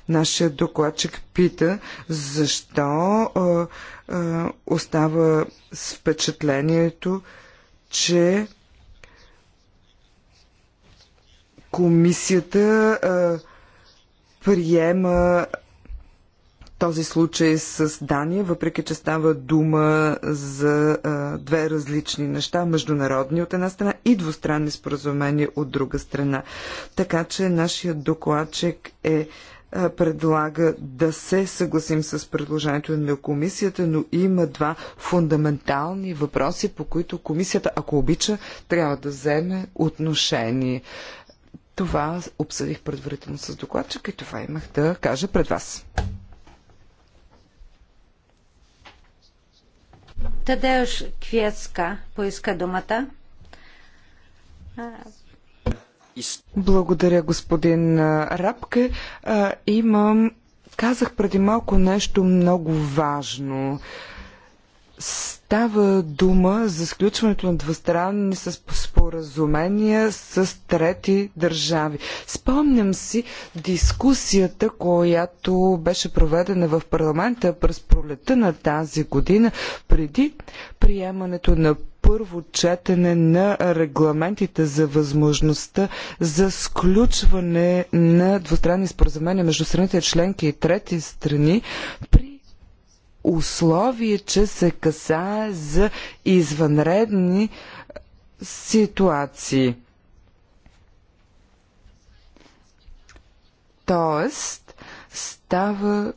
Нашия докладчик пита защо а, а, остава с впечатлението, че комисията а, приема този случай с Дания, въпреки че става дума за а, две различни неща, международни от една страна и двустранни споразумения от друга страна. Така че нашият докладчик е предлага да се съгласим с предложението на комисията, но има два фундаментални въпроси, по които комисията, ако обича, трябва да вземе отношение. Това обсъдих предварително с докладчика и това имах да кажа пред вас. Тадеуш Квецка поиска думата. Благодаря, господин Рапке. Имам Казах преди малко нещо много важно. Става дума за сключването на двустранни споразумения с трети държави. Спомням си дискусията, която беше проведена в парламента през пролета на тази година, преди приемането на първо четене на регламентите за възможността за сключване на двустранни споразумения между страните членки и трети страни при условие, че се касае за извънредни ситуации. Тоест, става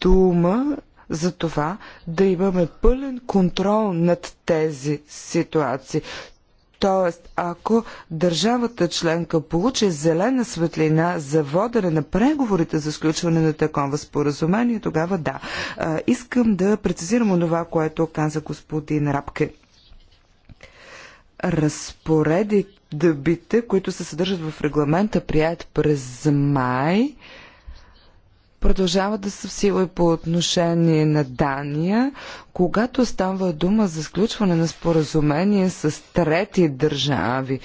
дума за това да имаме пълен контрол над тези ситуации. Тоест, ако държавата членка получи зелена светлина за водене на преговорите за сключване на такова споразумение, тогава да. Искам да прецизирам онова, което каза господин Рапке. Разпоредите, които се съдържат в регламента, прият през май, продължават да са в сила и по отношение на Дания, когато става дума за сключване на споразумение с трети държави.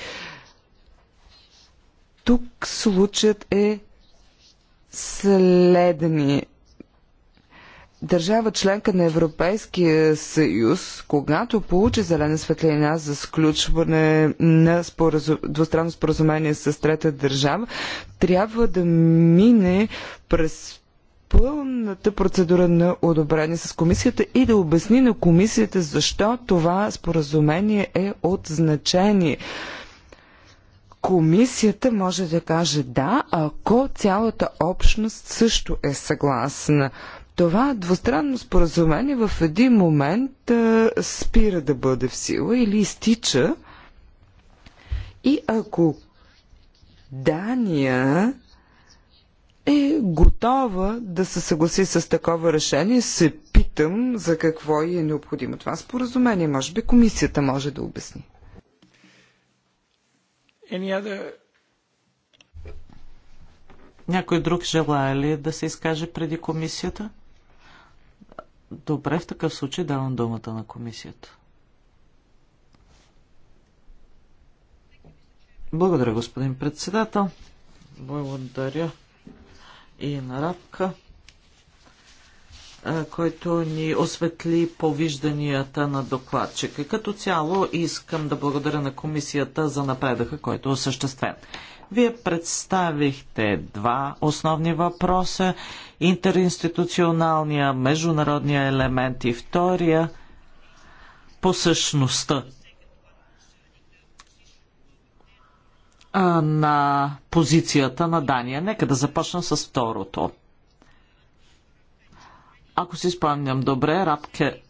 Тук случат е следни. държава членка на Европейския съюз, когато получи зелена светлина за сключване на споразу... двустранно споразумение с трета държава, трябва да мине през пълната процедура на одобрение с комисията и да обясни на комисията защо това споразумение е от значение. Комисията може да каже да, ако цялата общност също е съгласна. Това двустранно споразумение в един момент а, спира да бъде в сила или изтича. И ако Дания е готова да се съгласи с такова решение. Се питам за какво е необходимо това споразумение. Може би комисията може да обясни. Other... Някой друг желая ли да се изкаже преди комисията? Добре, в такъв случай давам думата на комисията. Благодаря, господин председател. Благодаря и Наравка, който ни осветли повижданията на докладчика. Като цяло искам да благодаря на комисията за напредъка, който е осъществен. Вие представихте два основни въпроса – интеринституционалния, международния елемент и втория – по същността на позицията на Дания. Нека да започна с второто. Ако си спомням добре, Рапке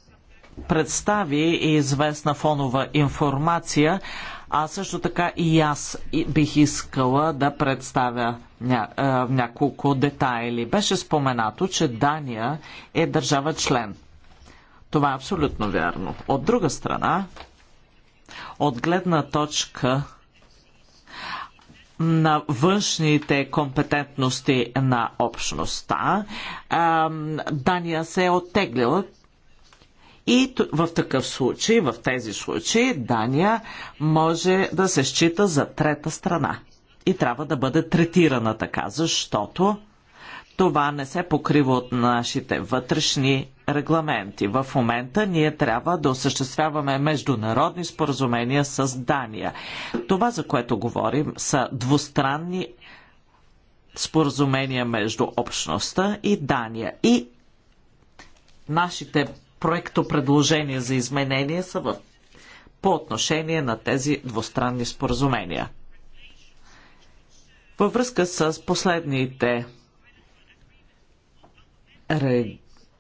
представи известна фонова информация, а също така и аз бих искала да представя ня, няколко детайли. Беше споменато, че Дания е държава член. Това е абсолютно вярно. От друга страна, от гледна точка на външните компетентности на общността. Дания се е оттеглила и в такъв случай, в тези случаи, Дания може да се счита за трета страна. И трябва да бъде третирана така, защото това не се покрива от нашите вътрешни регламенти. В момента ние трябва да осъществяваме международни споразумения с Дания. Това, за което говорим, са двустранни споразумения между общността и Дания. И нашите проектопредложения за изменение са в по отношение на тези двустранни споразумения. Във връзка с последните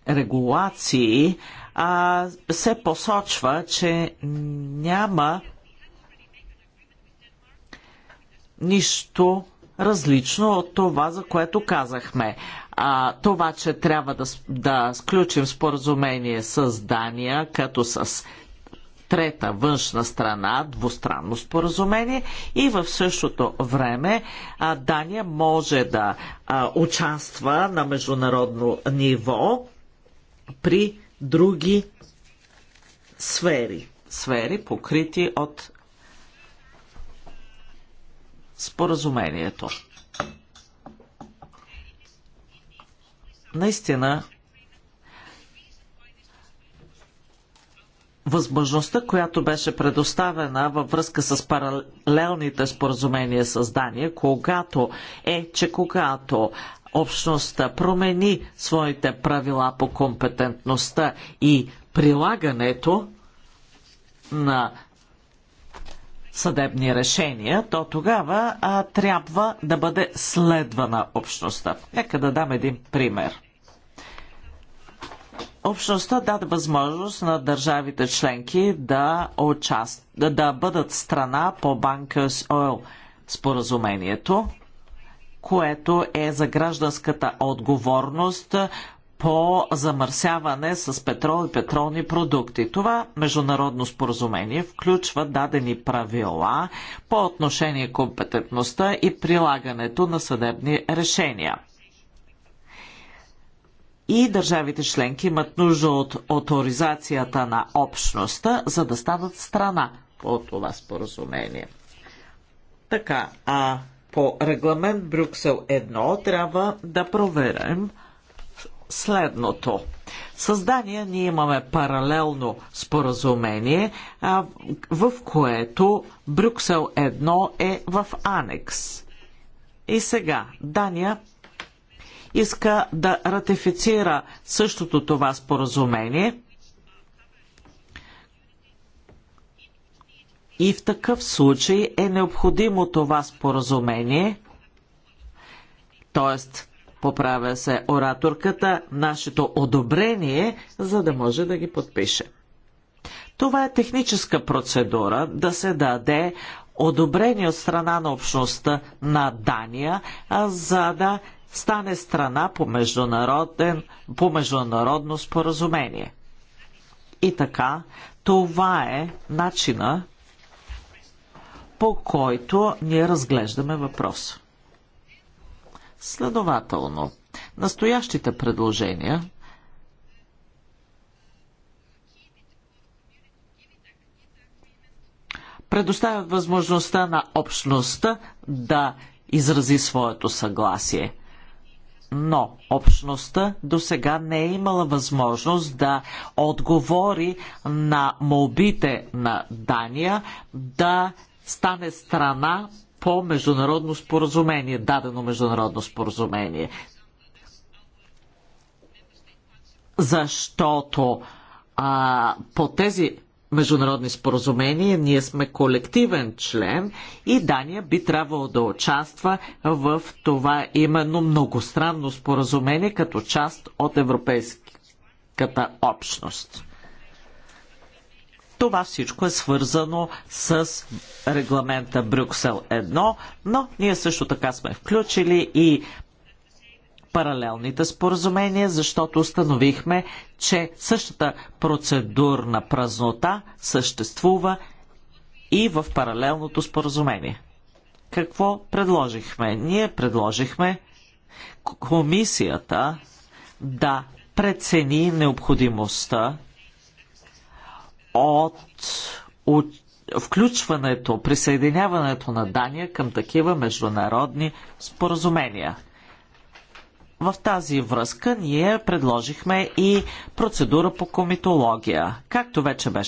регулации а, се посочва, че няма нищо различно от това, за което казахме. А, това, че трябва да, да сключим споразумение с Дания, като с трета външна страна, двустранно споразумение и в същото време а, Дания може да а, участва на международно ниво при други сфери. Сфери, покрити от споразумението. Наистина, възможността, която беше предоставена във връзка с паралелните споразумения с Дания, когато е, че когато общността промени своите правила по компетентността и прилагането на съдебни решения, то тогава а, трябва да бъде следвана общността. Нека да дам един пример. Общността даде възможност на държавите членки да, участ... да бъдат страна по Банкърс Ойл споразумението – което е за гражданската отговорност по замърсяване с петрол и петролни продукти. Това международно споразумение включва дадени правила по отношение компетентността и прилагането на съдебни решения. И държавите членки имат нужда от авторизацията на общността, за да станат страна по това споразумение. Така, а по регламент Брюксел 1 трябва да проверим следното. Създание ние имаме паралелно споразумение, в което Брюксел 1 е в анекс. И сега Дания иска да ратифицира същото това споразумение – И в такъв случай е необходимо това споразумение, т.е. поправя се ораторката, нашето одобрение, за да може да ги подпише. Това е техническа процедура да се даде одобрение от страна на общността на Дания, за да стане страна по, международен, по международно споразумение. И така, това е начина по който ние разглеждаме въпрос. Следователно, настоящите предложения предоставят възможността на общността да изрази своето съгласие. Но общността до сега не е имала възможност да отговори на молбите на Дания да стане страна по международно споразумение, дадено международно споразумение. Защото а, по тези международни споразумения ние сме колективен член и Дания би трябвало да участва в това именно многостранно споразумение като част от европейската общност. Това всичко е свързано с регламента Брюксел 1, но ние също така сме включили и паралелните споразумения, защото установихме, че същата процедурна празнота съществува и в паралелното споразумение. Какво предложихме? Ние предложихме комисията да прецени необходимостта от, включването, присъединяването на Дания към такива международни споразумения. В тази връзка ние предложихме и процедура по комитология. Както вече беше